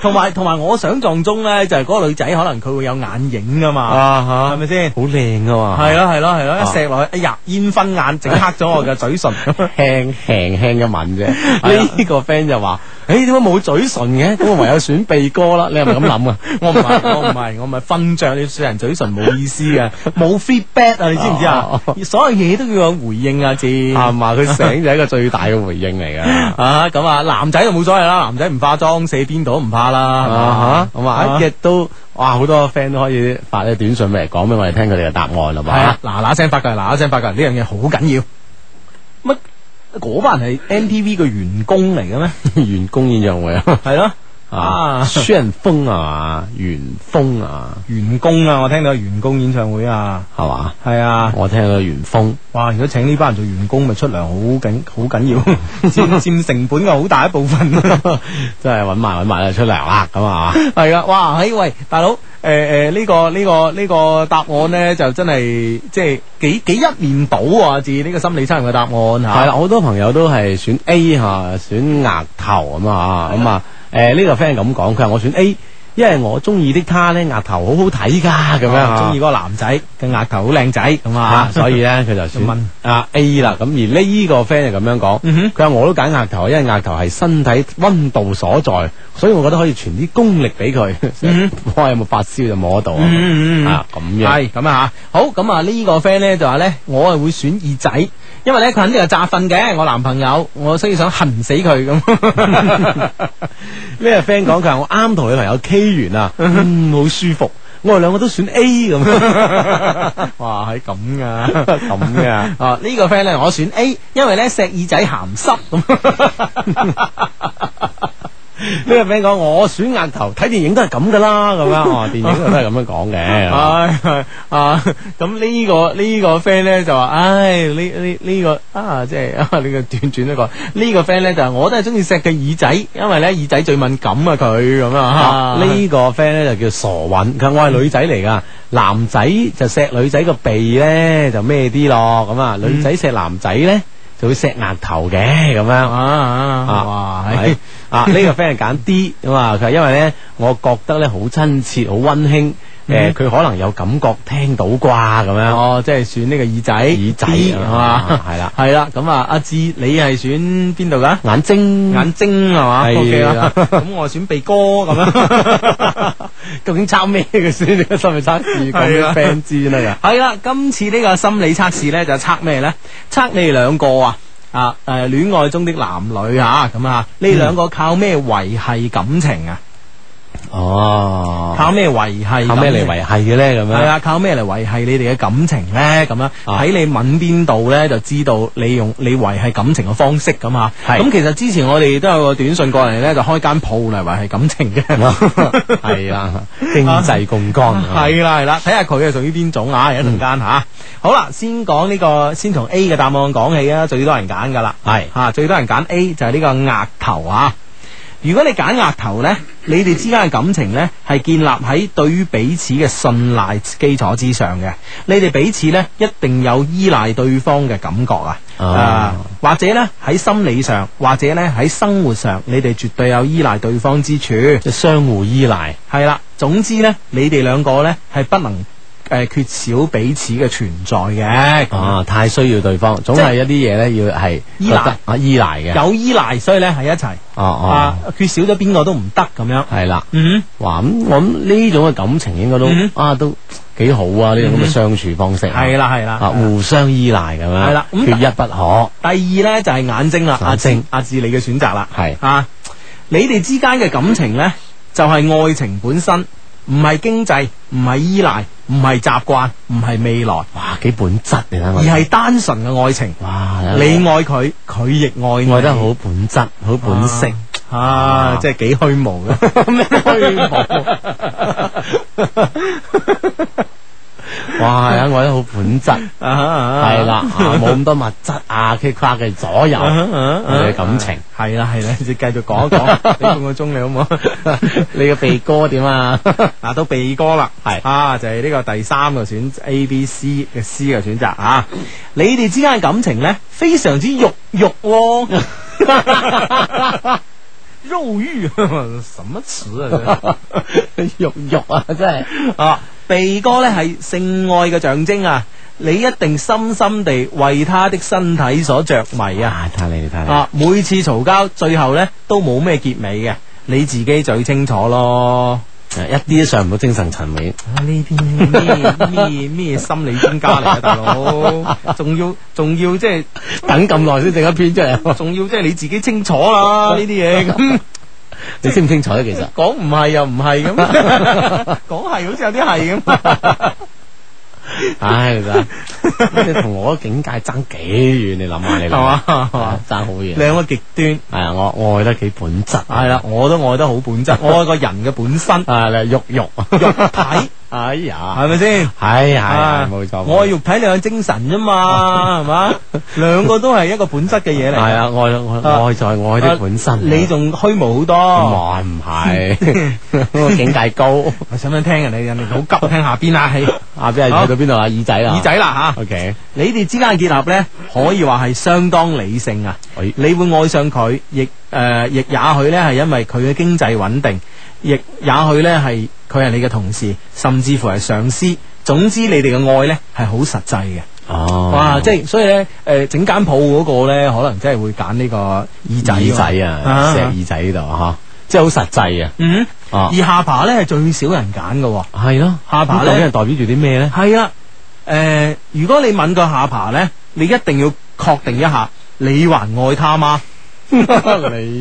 同埋同埋， 我想象中咧就係、是、嗰個女仔可能佢會有眼影噶嘛，係咪先？好靚噶嘛，係咯係咯係咯，啊、一錫落去，哎呀煙熏眼，整黑咗我嘅嘴唇，輕輕輕嘅吻啫。呢個 friend 就話。誒，點解冇嘴唇嘅？咁我唯有選鼻哥啦。你係咪咁諗啊？我唔係，我唔係，我唔係瞓着你，四人嘴唇冇意思嘅，冇 feedback 啊！你知唔知啊？所有嘢都要有回應啊！先係嘛？佢醒就係一個最大嘅回應嚟噶。啊，咁啊，男仔就冇所謂啦，男仔唔化妝，死邊度都唔怕啦。咁啊，亦都哇，好多 friend 都可以發啲短信嚟講俾我哋聽，佢哋嘅答案係嘛？嗱嗱聲發噶，嗱嗱聲發噶，呢樣嘢好緊要。乜？嗰班係 MTV 嘅員工嚟嘅咩？ 員工演員嚟啊，係咯。啊！孫仁峰啊，元峰啊，員工啊，我聽到員工演唱會啊，係嘛吧？係啊，我聽到元峰。哇！如果請呢班人做員工咪出糧好緊好緊要，佔 成本嘅好大一部分咯。 真係揾埋揾埋就出糧啦，咁啊。係啊！哇！哎喂，喂，大佬，誒、呃、誒、呢、呃這個呢、這個呢、這個答案呢，就真係即係幾幾一面倒啊！至呢個心理測驗嘅答案吓。係啦、啊，好、啊、多朋友都係選 A 吓，選額頭咁啊咁啊。誒，呢、呃這個 friend 咁講，佢話我選 A，因為我中意的他咧額頭好好睇噶，咁樣吓。中意嗰個男仔嘅額頭好靚仔，咁、嗯、啊，啊，所以咧佢就選啊 A 啦。咁 而呢個 friend 就咁樣講，佢話我都揀額頭，因為額頭係身體溫度所在，所以我覺得可以傳啲功力俾佢。我有冇發燒就摸到啊？啊、嗯嗯嗯，咁樣係咁啊吓。好，咁啊、這個、呢個 friend 咧就話咧，我係會選耳仔。因為咧佢肯定有詐瞓嘅，我男朋友，我所以想恨死佢咁。呢、啊啊 啊這個 friend 講佢話我啱同女朋友 K 完啊，好舒服，我哋兩個都選 A 咁。哇，係咁噶，咁噶啊？呢個 friend 咧我選 A，因為咧石耳仔鹹濕咁。 呢 個 friend 講我選額頭，睇電影都係咁噶啦，咁樣哦， 電影都係咁樣講嘅。唉， 啊，咁、這、呢個呢、這個 friend 咧就話，唉，呢呢呢個啊，即係呢個斷轉一個，呢、這個 friend 咧就我都係中意錫嘅耳仔，因為咧耳仔最敏感啊佢咁啊。呢個 friend 咧就叫傻運，是我係女仔嚟噶，男仔就錫女仔個鼻咧就咩啲咯，咁啊女仔錫男仔咧。 就會錫額頭嘅咁樣啊
啊哇係
是啊呢是、啊、個 friend 揀 D 咁啊佢因為咧我覺得咧好親切，好溫馨。誒，佢可能有感覺聽到啩咁樣，哦，即係選呢個耳仔，耳仔係嘛，係啦，係啦，咁啊，阿志你係選邊度噶？眼睛，眼睛係嘛？O K 啦，咁我選鼻哥咁樣，究竟測咩嘅先？心理測試咁樣，fans 嚟噶？係啦，今次呢個心理測試咧就測咩咧？測你哋兩個啊，啊誒戀愛中的男女啊。咁啊呢兩個靠咩維繫感情啊？哦，靠咩維繫，靠維繫？靠咩嚟維繫嘅咧？咁樣係啊，靠咩嚟維繫你哋嘅感情咧？咁啦，喺你問邊度咧，就知道你用你維繫感情嘅方式咁啊，咁的其實之前我哋都有個短信過嚟咧，就開間鋪嚟維繫感情嘅。
係啊， 的
經濟槓桿。係啦係啦，睇下佢係屬於邊種啊？看看種，一陣間吓，好啦，先講呢、這個，先從 A 嘅答案講起啊，最多人揀噶啦，係吓、嗯、最多人揀 A 就係呢個額頭啊。如果你揀額頭呢，你哋之間嘅感情呢係建立喺對於彼此嘅信賴基礎之上嘅。你哋彼此呢，一定有依賴對方嘅感覺啊，啊或者呢喺心理上，或者呢喺生活上，你哋絕對有依賴對方之處，就相互依賴。係啦，總之呢，你哋兩個呢係不能。誒，缺少彼此嘅存在嘅啊，太需要對方，總係一啲嘢咧，要係依賴啊，依賴嘅有依賴，所以咧係一齊啊啊，缺少咗邊個都唔得，咁樣係啦。嗯，哇咁我諗呢種嘅感情應該都啊都幾好啊，呢種咁嘅相處方式係啦係啦啊，互相依賴咁樣係啦，缺一不可。第二咧就係眼睛啦，阿靜阿智你嘅選擇啦，係啊，你哋之間嘅感情咧就係愛情本身，唔係經濟，唔係依賴。唔係習慣，唔係未來，哇，幾本質嚟而係單純嘅愛情，哇，你愛佢，佢亦愛你，愛得好本質，好本性啊！啊啊即係幾虛無嘅，虛 無？ 哇啊啊啊！啊，我都好本質啊，係啦，冇咁多物質啊，佢跨嘅左右我哋、啊啊啊啊、感情，係啦係啦，你繼續講一講， 你半個鐘你好唔好？你個鼻哥點啊？嗱，到鼻哥啦，係啊，就係、是、呢個第三個選 A、B、C 嘅 C 嘅選擇啊！你哋之間嘅感情咧，非常之肉肉喎、哦。 肉欲，什麼詞啊？ 肉肉啊，真係啊！鼻哥咧係性愛嘅象徵啊，你一定深深地為他的身體所着迷啊！睇、啊、你睇你啊！每次嘈交，最後咧都冇咩結尾嘅，你自己最清楚咯。一啲都上唔到精神層面。呢啲咩咩咩咩心理專家嚟㗎，大佬，仲要仲要即係等咁耐先定一篇出嚟，仲 要即係你自己清楚啦，呢啲嘢咁， 即你清唔清楚咧？其實講唔係又唔係咁，講係 好似有啲係咁。 唉，真係 你同我嘅境界爭幾遠？你諗下，你諗下，爭好遠，兩 個極端。係啊，我愛得幾本質。係啦， 我都愛得好本質。 愛個人嘅本身啊，嚟，肉肉肉體。 哎呀，係咪先？係係冇錯，愛肉體你愛精神啫嘛，係嘛？兩個都係一個本質嘅嘢嚟。係啊，愛愛在愛的本身。你仲虛無好多？唔係唔係境界高。想想聽啊？你人哋好急，聽下邊啦，下邊去到邊度啊？耳仔啦，耳仔啦吓。OK，你哋之間嘅結合咧，可以話係相當理性啊。你會愛上佢，亦誒，亦也許咧係因為佢嘅經濟穩定。亦也許咧係佢係你嘅同事，甚至乎係上司。總之你哋嘅愛咧係好實際嘅。哦，
哇、啊，即
係所以咧，誒、呃，整間鋪嗰個咧，可能真係會揀呢個耳仔耳仔啊，錫耳仔呢度吓，即係好實際啊。啊際嗯，啊、而下巴咧係最少人揀嘅。係咯的，下巴咁樣代表住啲咩咧？係啊，誒、呃，如果你吻個下巴咧，你一定要確定一下，你還愛他嗎？ 你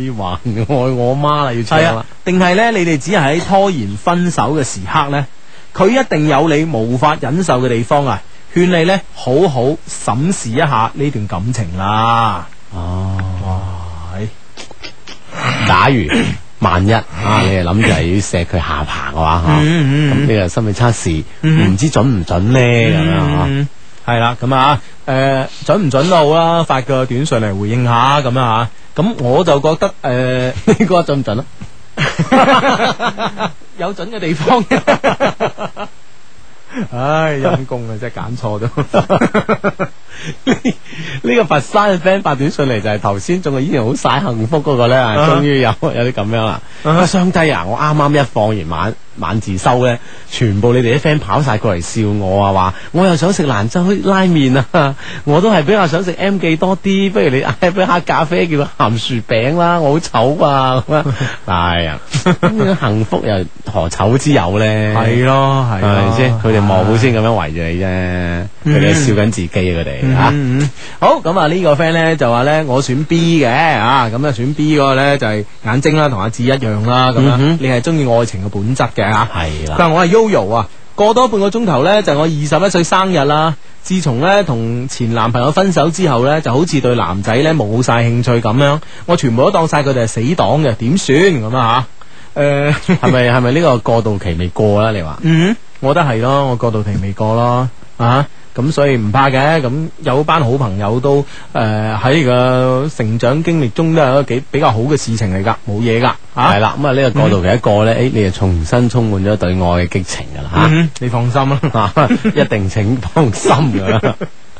還愛我媽啦？要請啊？定係咧？你哋只係喺拖延分手嘅時刻咧？佢一定有你無法忍受嘅地方啊！勸你咧，好好審視一下呢段感情啦。哦、啊，假如萬一啊，你係諗住要錫佢下巴嘅話，吓咁你又心理測試唔知準唔準呢？咁樣吓係啦，咁啊，誒，準唔準都好啦，發個短信嚟回應下咁樣吓、啊。咁我就覺得誒、呃，你覺得準唔準啊？ 有準嘅的地方。 唉，陰功啊，真係揀錯咗。呢呢個佛山嘅 friend 發短信嚟就係頭先仲係依然好晒幸福嗰，那個咧，uh huh. 終於有有啲咁樣啦。Uh huh. 相雙弟啊，我啱啱一放完晚。晚自修咧，全部你哋啲 friend 跑晒過嚟笑我啊！話我又想食蘭州拉麵啊，我都係比較想食 M 記多啲，不如你嗌杯黑咖啡叫佢鹹薯餅啦！我好醜啊咁樣！係啊、哎 哎哎，幸福又何醜之有咧？係咯，係咪先？佢哋望好先咁樣圍住你啫。佢哋笑緊自己 啊！佢哋
吓，
好咁啊！呢個 friend 咧就話咧，我選 B 嘅啊，咁啊選 B 個咧就係眼睛啦，同阿志一樣啦，咁、啊、樣、啊嗯、哼你係中意愛情嘅本質嘅、嗯、哼啊？係啦，但我係 Yoyo 啊，過多半個鐘頭咧就是、我二十一歲生日啦。自從咧同前男朋友分手之後咧，就好似對男仔咧冇晒興趣咁樣，我全部都當晒佢哋係死黨嘅，點算咁啊吓？誒、啊，係咪係咪呢個過渡期未過啦？你話？嗯哼， 我覺得係咯，我過渡期未過咯，啊。咁所以唔怕嘅，咁有班好朋友都誒，喺、呃、個成長經歷中都有一個幾比較好嘅事情嚟㗎，冇嘢㗎，係係啦。咁了啊呢個過度嘅一個咧，誒、嗯哎，你就重新充滿咗對愛嘅激情㗎啦吓，嗯啊、你放心啦嚇、啊，一定請放心㗎啦。呢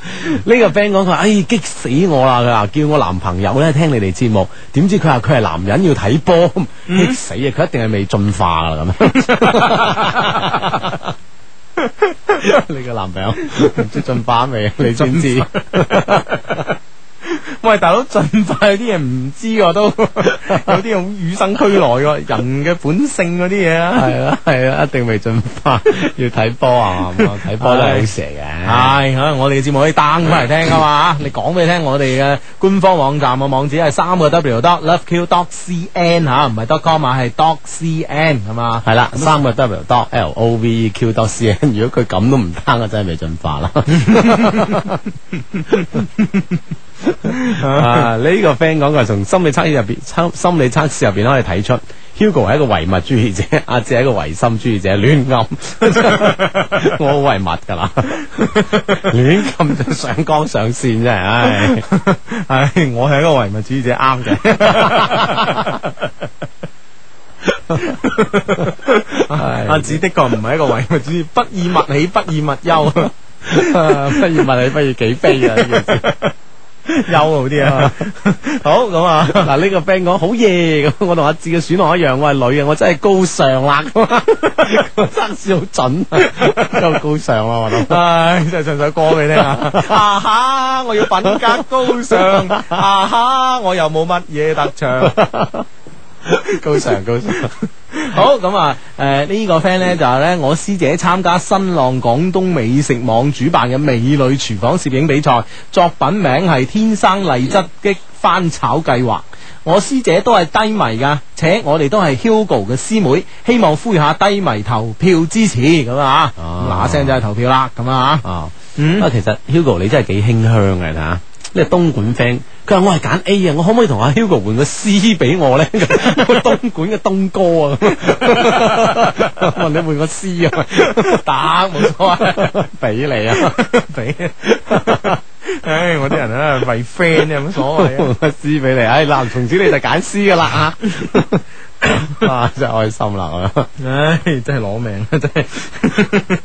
個 friend 講佢話，哎，激死我啦，佢話叫我男朋友咧聽你哋節目，點知佢話佢係男人要睇波，激死啊！佢一定係未進化啦咁。 你嘅男朋友唔知進班未？啊，你知唔知？喂，大佬，進化有啲嘢唔知喎，都有啲嘢好與生俱來嘅，人嘅本性嗰啲嘢啊。係啊， 係啊，一定未進化，要睇波啊！睇波都係好蛇嘅。係、 哎，可、哎、能我哋嘅節目可以 down 翻嚟聽噶嘛？你講俾聽我哋嘅官方網站嘅網址係三個 W dot Love Q dot C N 嚇，唔係 dot com 嘛，係 dot C N 咁啊。係啦，三個 W dot L O V Q dot C N。如果佢咁都唔 down 嘅，真係未進化啦。啊！你呢個 friend 講，佢係從心理測試入邊，心理測試入邊可以睇出，Hugo 係一個唯物主義者，阿子係一個唯心主義者，亂噏 我好唯物噶啦，亂 噏就上綱上線啫。係、哎，唉、 哎，我係一個唯物主義者啱嘅，阿子的確唔係一個唯物主義，不以物喜，不以物憂，不以物喜，不以己悲啊！優 好啲啊！這個、好咁啊！嗱，呢個 friend 講好嘢，咁，我同阿志嘅選項一樣，我係女啊，我真係高尚啦，真係、啊、 好準，高 高尚啊！我諗，唉，再唱首歌俾你聽啊！ 啊哈，我要品格高尚， 啊哈，我又冇乜嘢特長。 高常高常，好咁啊！誒、呃，呢、這個 friend 呢，就係呢。我師姐參加新浪廣東美食網主辦嘅美女廚房攝影比賽，作品名係《天生麗質的翻炒計劃》。我師姐都係低迷噶，且我哋都係 Hugo 嘅師妹，希望呼籲下低迷投票支持，咁啊，嗱聲、哦、就係投票啦，咁啊，啊、哦，嗯，啊，其實 Hugo 你真係幾馨香嘅吓。即係東莞 friend，佢話我係揀 A 啊，我可唔可以同阿 Hugo 換個 C 俾我咧？東莞嘅東哥啊，我問你換個 C 啊，打冇錯啊，俾你啊，俾，唉，我啲人啊為 friend 有乜所謂啊？換個 C 俾你，唉嗱，從此你就揀 C 噶啦啊，哇，真開心啦，唉，真係攞命啊，真係。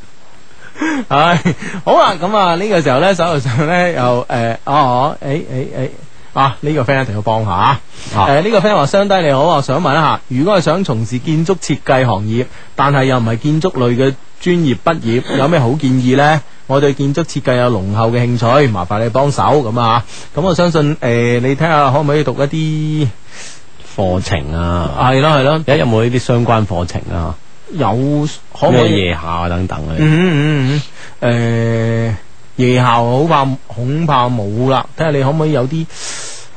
唉， 好啊，咁啊，呢個時候咧，手頭上咧？又誒、呃，哦，誒誒誒，啊，呢、這個 friend 一定要幫下誒，呢、啊呃這個 friend 話：兄弟你好，啊，想問一下，如果係想從事建築設計行業，但係又唔係建築類嘅專業畢業，有咩好建議呢？我對建築設計有濃厚嘅興趣，麻煩你幫手咁啊！咁我相信，誒、呃，你睇下可唔可以讀一啲課程啊？係咯係咯，而家有冇呢啲相關課程啊？有可唔可以夜校、等等啊？嗯嗯嗯嗯，誒，夜校好怕恐怕冇啦。睇下你可唔可以有啲？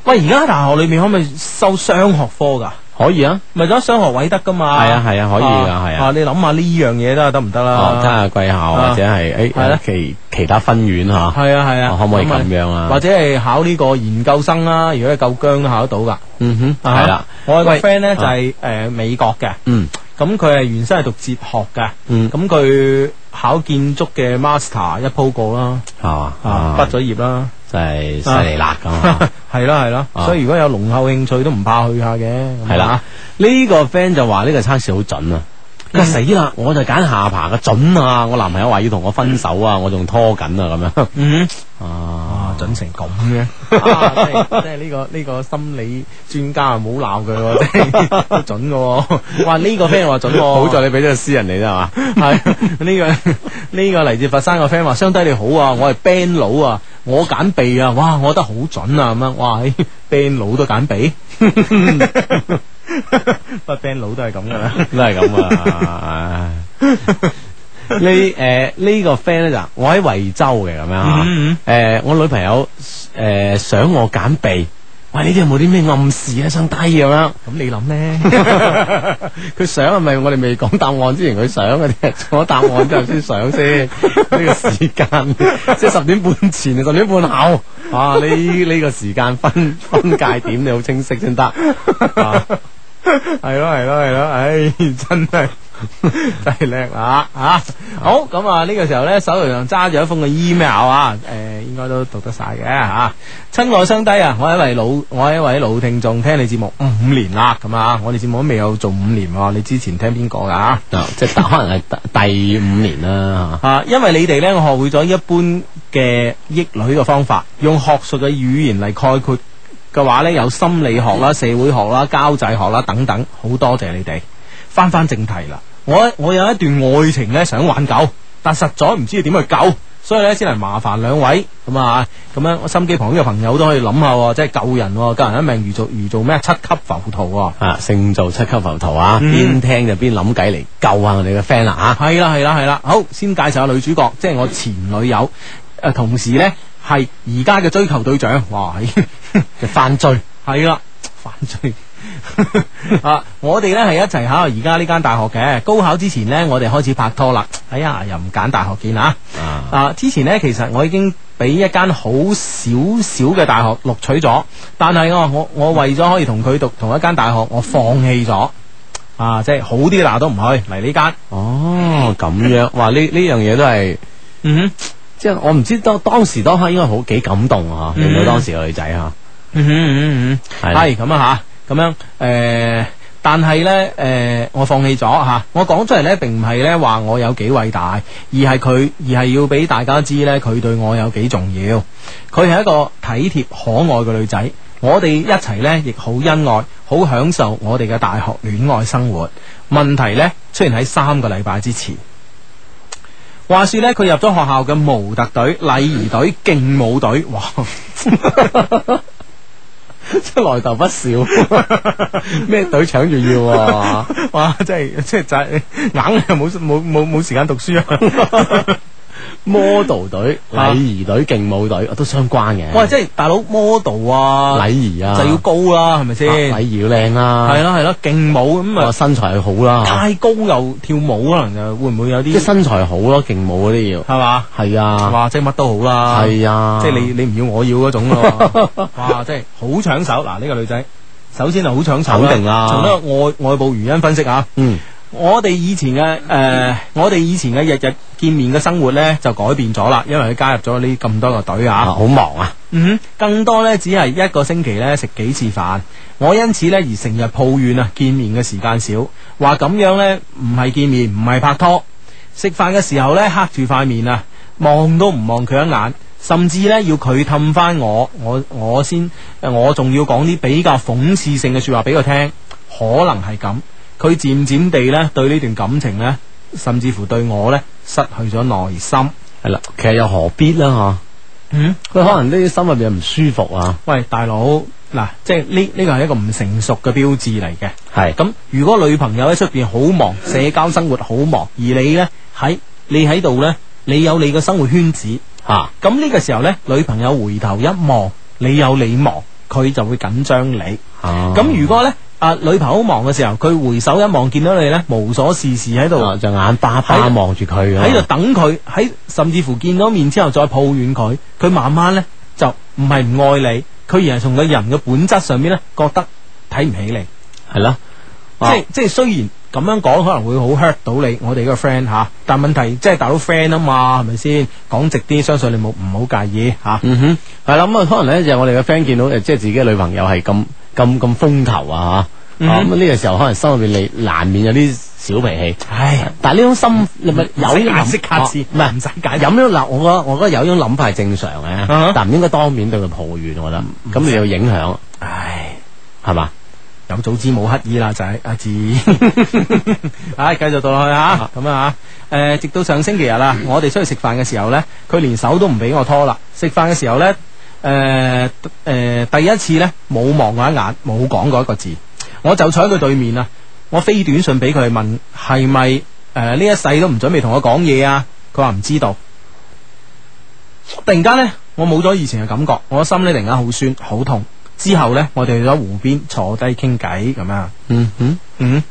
喂，而家大學裏面可唔可以收雙學科噶？可以啊，咪而家雙學位得噶嘛？係啊係啊，可以噶係啊。啊，你諗下呢樣嘢得啊，得
唔得啦？哦，睇下
貴校或者係誒其其他分院吓。係啊係啊，可唔可以咁樣啊？或者係考呢個研究生啦？如果夠薑都考得到噶。嗯哼，係啦。我有個 friend 咧就係誒美國嘅。嗯。咁佢係原先係讀哲學嘅，咁佢考建築嘅 master 一鋪過啦，啊，畢咗業啦，
就係犀利啦咁，
係咯係咯，所以如果有濃厚興趣都唔怕去下嘅，係啦，呢個 friend 就話呢個測試好準啊，死啦，我就揀下巴嘅準啊，我男朋友話要同我分手啊，我仲拖緊啊咁樣，嗯啊。準成咁嘅、 啊，即係呢、這個呢、這個心理專家啊！唔好鬧佢喎，真係都準嘅。哇，呢、這個 friend 話準，好在你俾咗個私人嚟啦嘛。係呢、 這個呢、這個嚟自佛山個 friend 話，相低你好啊，我係 band 佬啊，我揀鼻啊，哇，我覺得好準啊咁樣。哇，band 佬都揀鼻，band 佬都係咁噶啦， 都係咁啊。哎 你誒、呢、呃這個 friend 咧就我喺惠州嘅咁樣吓，誒我女朋友誒、呃、想我揀鼻、呃，喂呢啲有冇啲咩暗示啊？想低咁樣，咁你諗咧？佢 想係咪我哋未講答案之前佢想嘅啫？我答案之後先想先，呢、這個時間即係十點半前，十點半後啊？呢呢個時間分分界點你好清晰先得，係咯係咯係咯，唉、 really? 真係。 真係叻啊！啊，好咁啊，呢、這個時候呢，手頭上揸住一封嘅 email 啊，誒、呃，應該都讀得晒嘅吓。親、啊、愛兄弟啊，我係一位老，我係一位老聽眾，聽你節目、嗯、五年啦，咁啊，我哋節目都未有做五年喎。你之前聽邊個噶？即可能係第五年啦。啊， 因為你哋呢，我學會咗一般嘅益女嘅方法，用學術嘅語言嚟概括嘅話呢，有心理學啦、社會學啦、交際學啦等等，好多謝你哋。翻翻正題啦。我我有一段愛情咧想挽救，但實在唔知要點去救，所以咧先嚟麻煩兩位咁啊，咁樣我心機旁邊嘅朋友都可以諗下，即係救人，救人一命如做如做咩七級浮屠啊！勝造、啊、七級浮屠啊！邊、嗯、聽就邊諗計嚟救下我哋嘅 friend 啦！係啦係啦係啦，好先介紹下女主角，即、就、係、是、我前女友，誒，同時呢，係而家嘅追求對象，哇、哎 犯罪！犯罪，係啦，犯罪。 啊！我哋呢係一齊考而家呢間大學嘅。高考之前呢，我哋開始拍拖啦。哎呀，又唔揀大學見啊！啊，之前呢，其實我已經俾一間好少少嘅大學錄取咗，但係我我為咗可以同佢讀同一間大學，我放棄咗啊！即係好啲啦都唔去嚟呢間。間哦，咁樣哇！呢呢樣嘢都係，嗯哼，即係我唔知當當時當刻應該好幾感動啊，見到當時個女仔吓、嗯，嗯嗯嗯，係咁的啊吓。咁樣，誒、呃，但係呢，誒、呃，我放棄咗吓。我講出嚟呢，並唔係呢話我有幾偉大，而係佢，而係要俾大家知呢，佢對我有幾重要。佢係一個體貼可愛嘅女仔，我哋一齊呢，亦好恩愛，好享受我哋嘅大學戀愛生活。問題呢，出現喺三個禮拜之前，話說呢，佢入咗學校嘅模特隊、禮儀隊、勁舞隊，哇！ 真係來頭投不少 隊搶、啊，咩隊搶住要，哇！真係，真係就係，硬係冇冇冇冇時間讀書啊！ model 隊、禮儀隊、勁舞隊，都相關嘅。喂，即係大佬 model 啊、禮儀啊，就要高啦、啊，係咪先？禮儀要靚啦，係啦係啦，勁舞咁啊，身材好啦、啊，太高又跳舞可能就，會唔會有啲？即係身材好咯，勁舞嗰啲要係嘛？係啊，吧啊哇，即係乜都好啦，係啊，啊即係你你唔要我要嗰種咯、啊。 哇，即係好搶手。嗱，呢、這個女仔首先係好搶手，肯定啊，從呢個外外，外部原因分析啊，嗯。我哋以前嘅誒、呃，我哋以前嘅日日見面嘅生活呢，就改變咗啦。因為佢加入咗呢咁多個隊啊，好、嗯、忙啊。嗯哼，更多呢，只係一個星期呢，食幾次飯。我因此呢，而成日抱怨啊，見面嘅時間少，話咁樣呢，唔係見面，唔係拍拖。食飯嘅時候呢，黑住塊面啊，望都唔望佢一眼，甚至呢，要佢氹返我，我我先我仲要講啲比較諷刺性嘅說話俾佢聽，可能係咁。佢漸漸地呢對，呢段感情呢，甚至乎對我呢失去咗耐心。係啦，其實又何必呢？嗬，嗯，佢可能呢啲心入邊唔舒服啊。喂，大佬，嗱，即係呢呢個係一個唔成熟嘅標誌嚟嘅。係，咁如果女朋友喺出邊好忙，社交生活好忙，而你呢喺你喺度呢，你有你嘅生活圈子啊。咁呢個時候呢，女朋友回頭一望，你有你忙，佢就會緊張你。咁、啊、如果呢……啊！女朋友好忙嘅時候，佢回首一望，見到你咧，無所事事喺度、呃，就眼巴巴望住佢，喺度等佢，喺甚至乎見到面之後再抱怨佢。佢慢慢咧就唔係唔愛你，佢而係從個人嘅本質上面咧覺得睇唔起你，係啦的。即係、啊、即係雖然咁樣講可能會好 hurt 到你，我哋個 friend 吓，但問題即係大佬 friend 啊嘛，係咪先？講直啲，相信你冇唔好介意吓。啊、嗯哼，係啦，咁、嗯、啊，可能咧就係我哋嘅 friend 見到即係自己嘅女朋友係咁。咁咁風頭啊吓，咁呢個時候可能心裏邊你難免有啲小脾氣，係，但係呢種心你咪有顏色克制，唔係唔使解，有呢種諗，我覺我覺有呢種諗法係正常嘅，但唔應該當面對佢抱怨，我覺得，咁你要影響，唉，係嘛，有早知冇乞衣啦，仔阿志，唉，繼續到落去吓，咁啊吓，誒，直到上星期日啦，我哋出去食飯嘅時候咧，佢連手都唔俾我拖啦，食飯嘅時候咧。誒誒、呃呃，第一次呢，冇望我一眼，冇講過一個字。我就坐喺佢對面啊。我飛短信俾佢問係咪誒？呢、呃、一世都唔準備同我講嘢啊？佢話唔知道。突然間呢，我冇咗以前嘅感覺，我心呢，突然間好酸好痛。之後呢，我哋去咗湖邊坐低傾偈咁樣。嗯
哼嗯，
嗯。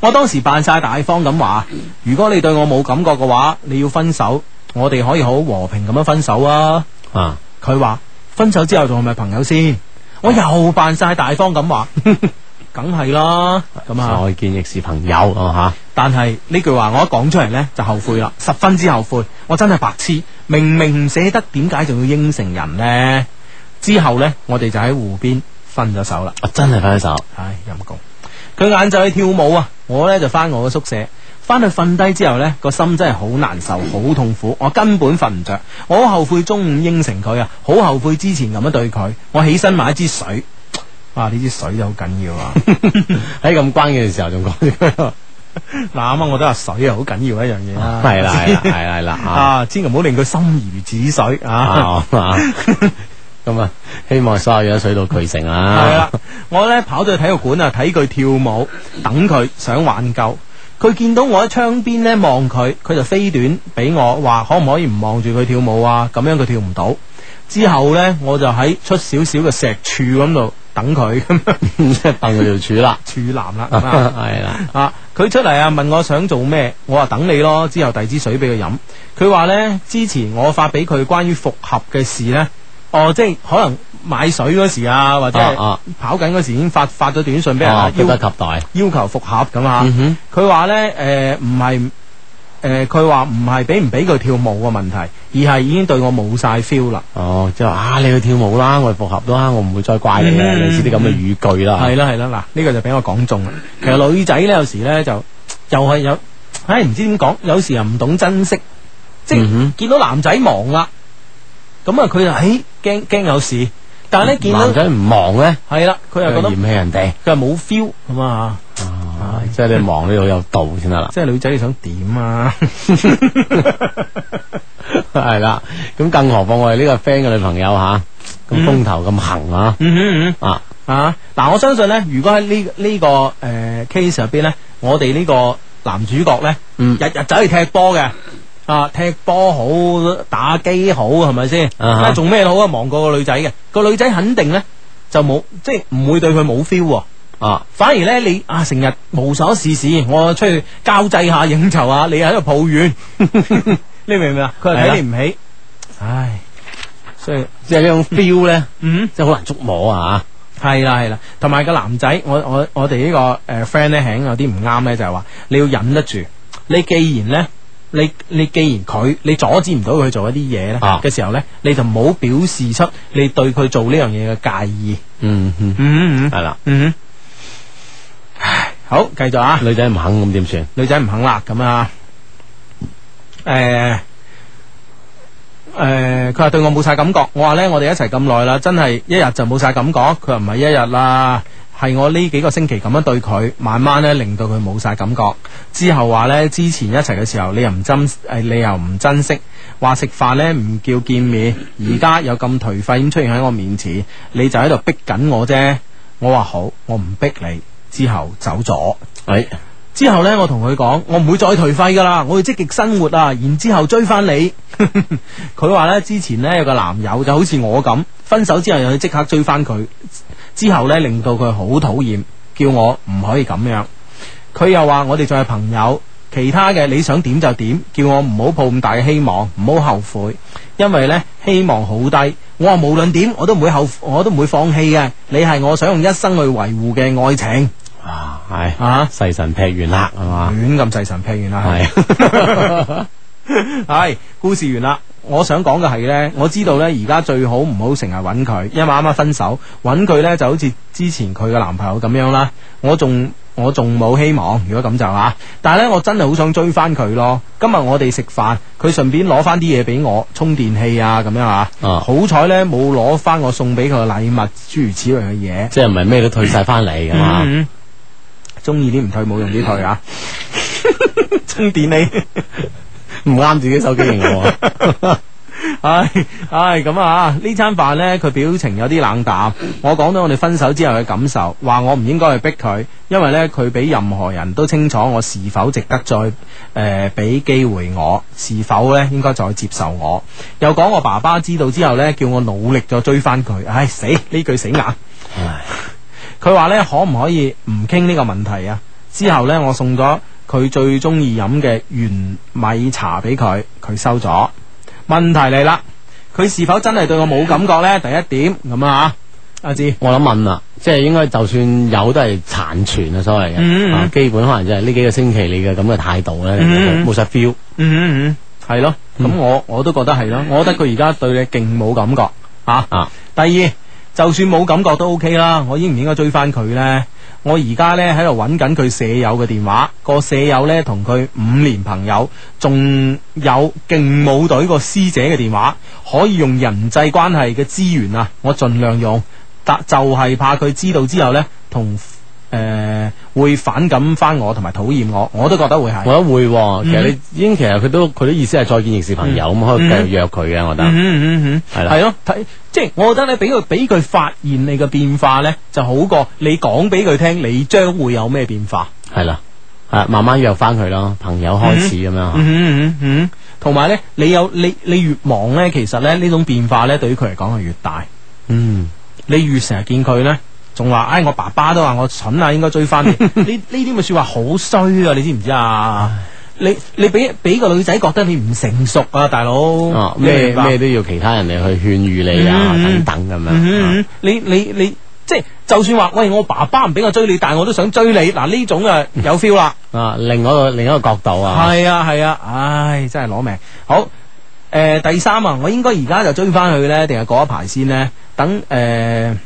我當時扮晒大方咁話，如果你對我冇感覺嘅話，你要分手，我哋可以好和平咁樣分手啊。啊！佢話分手之後仲係咪朋友先？我又扮晒大方咁話，梗係啦咁啊！再見亦是朋友哦吓！啊、但係呢句話我一講出嚟呢，就後悔啦，十分之後悔，我真係白痴，明明唔捨得，點解仲要應承人呢？之後呢，我哋就喺湖邊分咗手啦、啊，真係分咗手，唉陰功！佢晏晝去跳舞啊，我呢就翻我嘅宿舍。翻去瞓低之後咧，個心真係好難受，好痛苦。我根本瞓唔着，我好後悔中午應承佢啊，好後悔之前咁樣對佢。我起身買一支水，哇！呢支水好緊要啊，喺咁關鍵嘅時候仲講呢嗱。啱啱，我都話水啊，好緊要一樣嘢啦。係啦，係啦，係啦，啊，千祈唔好令佢心如止水啊。咁啊，希望所有嘢水到渠成啊。係啦，我咧跑到去體育館啊，睇佢跳舞，等佢，想挽救。佢見到我喺窗邊咧望佢，佢就飛短俾我話：可唔可以唔望住佢跳舞啊？咁樣佢跳唔到。之後呢，我就喺出少少嘅石柱咁度等佢，咁即係等佢條柱啦，柱男啦，係啦 了啊！佢出嚟啊，問我想做咩？我話等你咯。之後遞支水俾佢飲。佢話呢，之前我發俾佢關於復合嘅事呢。哦，即係可能買水嗰時啊，或者跑緊嗰時已經發發咗短信俾人要，要、啊、急不及待要求復合咁啊！佢話咧，誒，唔、呃、係，誒，佢話唔係俾唔俾佢跳舞個問題，而係已經對我冇晒 feel 啦。哦，即、就、係、是、啊，你去跳舞啦，我哋復合到啦，我唔會再怪你啦，嗯、哼你知啲咁嘅語句啦。係啦係啦，嗱， 呢、這個就俾我講中啦。其實女仔咧有時咧就又係有，唉、哎，唔知點講，有時又唔懂珍惜，即係、嗯、哼見到男仔忙啦。咁啊，佢就誒驚驚有事，但係咧見到男仔唔忙咧，係啦，佢又覺得嫌棄人哋，佢又冇 feel 咁啊，即係你忙呢度有度先得啦。即係女仔你想點啊？係啦，咁更何況我哋呢個 friend 嘅女朋友吓，咁風頭咁行啊，啊啊！嗱，我相信咧，如果喺呢呢個誒 case 入邊咧，我哋呢個男主角咧，日日走去踢波嘅。啊！踢波好，打機好，係咪先？啊、uh，huh. 做咩好啊，忙過個女仔嘅、嗰個女仔肯定咧就冇，即係唔會對佢冇 feel 啊。Uh huh. 反而咧你啊，成日無所事事，我出去交際下應酬啊，你喺度抱怨， 你明唔明啊？佢睇你唔起，的 唉，所以即係呢種 feel 咧，嗯， 即係好難捉摸啊。吓，係啦係啦，同埋個男仔，我我我哋呢個誒 friend 咧，喺有啲唔啱咧，就係話你要忍得住，你既然咧。你你既然佢你阻止唔到佢做一啲嘢咧嘅時候咧，你就唔好表示出你對佢做呢樣嘢嘅介意。嗯嗯嗯，係啦。嗯哼，唉，好，繼續啊。女仔唔肯咁點算？女仔唔肯啦，咁啊，誒誒，佢話對我冇晒感覺。我話咧，我哋一齊咁耐啦，真係一日就冇晒感覺。佢話唔係一日啦。係我呢幾個星期咁樣對佢，慢慢咧令到佢冇晒感覺。之後話呢，之前一齊嘅時候，你又唔珍誒，你又唔珍惜。話食飯呢唔叫見面，而家又咁頹廢咁出現喺我面前，你就喺度逼緊我啫。我話好，我唔逼你。之後走咗。是之後呢，我同佢講，我唔會再頹廢噶啦，我要積極生活啊。然之後追翻你。佢 話呢，之前呢有個男友，就好似我咁分手之後又去即刻追翻佢。之後呢，令到佢好討厭，叫我唔可以咁樣。佢又話我哋仲係朋友，其他嘅你想點就點，叫我唔好抱咁大嘅希望，唔好後悔，因為呢，希望好低。我話無論點我都唔會後，我都唔會放棄嘅。你係我想用一生去維護嘅愛情。哇，係啊，誓、哎、神劈願啦，係嘛，啊，亂咁誓神劈願啦，係。係故事完啦。我想講嘅係呢，我知道呢，而家最好唔好成日揾佢，因為啱啱分手，揾佢呢就好似之前佢嘅男朋友咁樣啦。我仲我仲冇希望，如果咁就吓。但係呢，我真係好想追翻佢咯。今日我哋食飯，佢順便攞翻啲嘢畀我，充電器啊咁樣啊！好彩呢，冇攞翻我送俾佢嘅禮物，諸如此類嘅嘢。即係唔係咩都退晒翻嚟噶嘛？中意啲唔退，冇用啲退啊！ 充電你器。 唔啱自己手機型號， 唉唉咁啊！呢餐飯呢，佢表情有啲冷淡。我講到我哋分手之後嘅感受，話我唔應該去逼佢，因為呢，佢比任何人都清楚我是否值得再誒俾、呃、機會我，是否咧應該再接受我。又講我爸爸知道之後呢，叫我努力再追翻佢。唉死，呢句死硬。佢話呢，可唔可以唔傾呢個問題啊？之後呢，我送咗。佢最中意飲嘅玄米茶俾佢，佢收咗。問題嚟啦。佢是否真係對我冇感覺咧？第一點咁啊，阿芝，我諗問啊，問即係應該就算有都係殘存謂嗯嗯啊，所謂嘅，嗯基本可能就係呢幾個星期你嘅咁嘅態度咧，冇晒 feel，嗯嗯嗯，係、嗯嗯、咯，咁、嗯、我我都覺得係咯，我覺得佢而家對你勁冇感覺啊。啊第二。就算冇感覺都 OK 啦，我應唔應該追翻佢呢？我而家呢喺度揾緊佢舍友嘅電話，個舍友呢，同佢五年朋友，仲有勁舞隊個師姐嘅電話，可以用人際關係嘅資源啊，我盡量用，但就係怕佢知道之後呢，同。誒、呃，會反感翻我，同埋討厭我，我都覺得會係，我都會、啊。其實你已經、嗯、哼其實佢都佢都意思係再見亦是朋友，咁、嗯、哼可以繼續約
佢嘅，我覺得。
係啦、嗯嗯，咯的，睇即係我覺得你俾佢俾佢發現你嘅變化咧，就好過你講俾佢聽你將會有咩變化。係啦，係慢慢約翻佢咯，朋友開始咁樣。同埋咧，你有你你越忙咧，其實咧呢種變化咧，對於佢嚟講係越大。嗯，你越成日見佢咧。仲話，哎，我爸爸都話我蠢啊，應該追翻你。呢呢啲咪說話好衰啊，你知唔知啊？你你俾俾個女仔覺得你唔成熟啊，大佬。咩咩、哦、都要其他人嚟，去勸喻你啊，嗯、等等咁樣。嗯嗯、你你你，即係就算話，喂，我爸爸唔俾我追你，但係我都想追你。嗱，呢種啊有 feel 啦。啊，另外一個另一個角度啊。係啊係啊，唉、啊哎，真係攞命。好，誒、呃，第三啊，我應該而家就追翻佢咧，定係過一排先呢？等誒。呃呃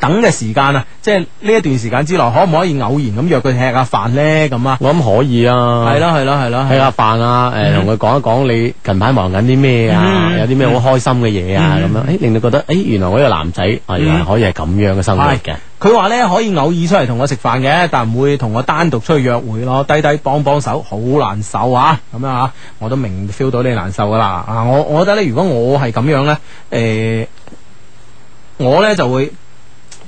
等嘅時間啊，即係呢一段時間之內，可唔可以偶然咁約佢吃下飯呢？咁啊，我諗可以啊。係咯，係咯，係咯，吃下飯啊，誒，同佢講一講你近排忙緊啲咩啊，有啲咩好開心嘅嘢啊，咁樣，令你覺得，誒，原來我呢個男仔係可以係咁樣嘅生活嘅。佢話呢，可以偶爾出嚟同我食飯嘅，但唔會同我單獨出去約會咯，低低幫幫手，好難受啊！咁樣啊，我都明 feel 到你難受噶啦。我我覺得呢，如果我係咁樣呢，誒，我呢就會。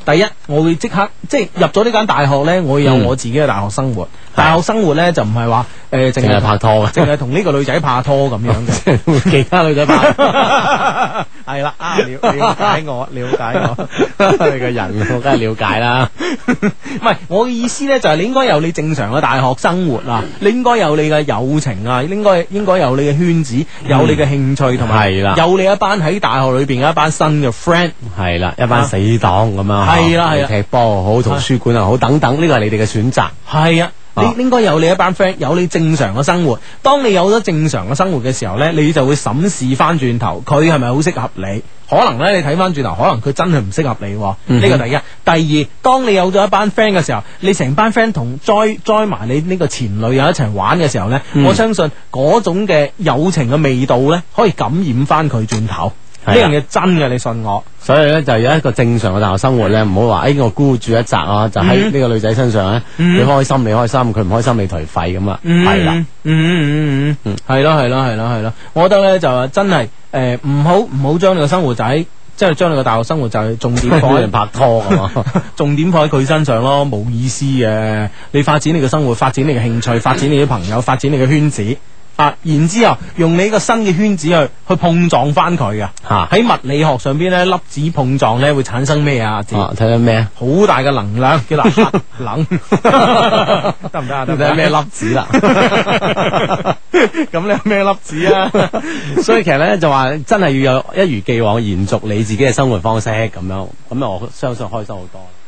第一，我會刻即刻即係入咗呢間大學咧，我有我自己嘅大學生活。嗯、大學生活咧就唔係話誒淨係拍拖嘅，淨係同呢個女仔拍拖咁樣嘅， 其他女仔拍拖，係啦，了了解我，了解我， 你個人我梗係了解啦。 唔係我嘅意思咧，就係、係、你應該有你正常嘅大學生活啊，你應該有你嘅友情啊，應該應該有你嘅圈子，有你嘅興趣同埋，係啦，有你一班喺大學裏邊嘅一班新嘅 friend。係啦，一班了死黨咁樣。 係啦，係踢波又好，圖書館又好，等等，呢個係你哋嘅選擇。係啊，你應該有你一班 friend，有你正常嘅生活。當你有咗正常嘅生活嘅時候呢，你就會審視翻轉頭，佢係咪好適合你？可能呢，你睇翻轉頭，可能佢真係唔適合你。啊，嗯哼。呢個第一，第二，當你有咗一班 friend 嘅時候，你成班 friend 同載載埋你呢個前女友一齊玩嘅時候呢，嗯、我相信嗰種嘅友情嘅味道呢，可以感染翻佢轉頭。呢樣嘢真嘅，你信我。所以咧，就有一個正常嘅大學生活咧，唔好話，哎，我孤注一擲啊，就喺呢個女仔身上咧，嗯，你開心你開心，佢唔開心你頹廢咁啊，係啦，嗯嗯嗯的嗯，嗯，係咯係咯係咯係咯，我覺得咧就真係，誒、呃，唔好唔好將你個生活仔，就是，即係將你個大學生活就係重點放喺人拍拖，嘛， 重點放喺佢身上咯，冇意思嘅。你發展你嘅生活，發展你嘅興趣，發展你嘅朋友，發展你嘅圈子。啊！然之後用你個新嘅圈子去去碰撞翻佢噶吓喺物理學上邊咧，粒子碰撞咧會產生咩啊？睇到咩好大嘅能量叫核
能得唔得啊？睇到咩粒子啦？
咁你有咩粒
子啊？
所以其實咧就話真係要有一如既往延續你自己嘅生活方式咁樣咁，啊我相信開心好多,多。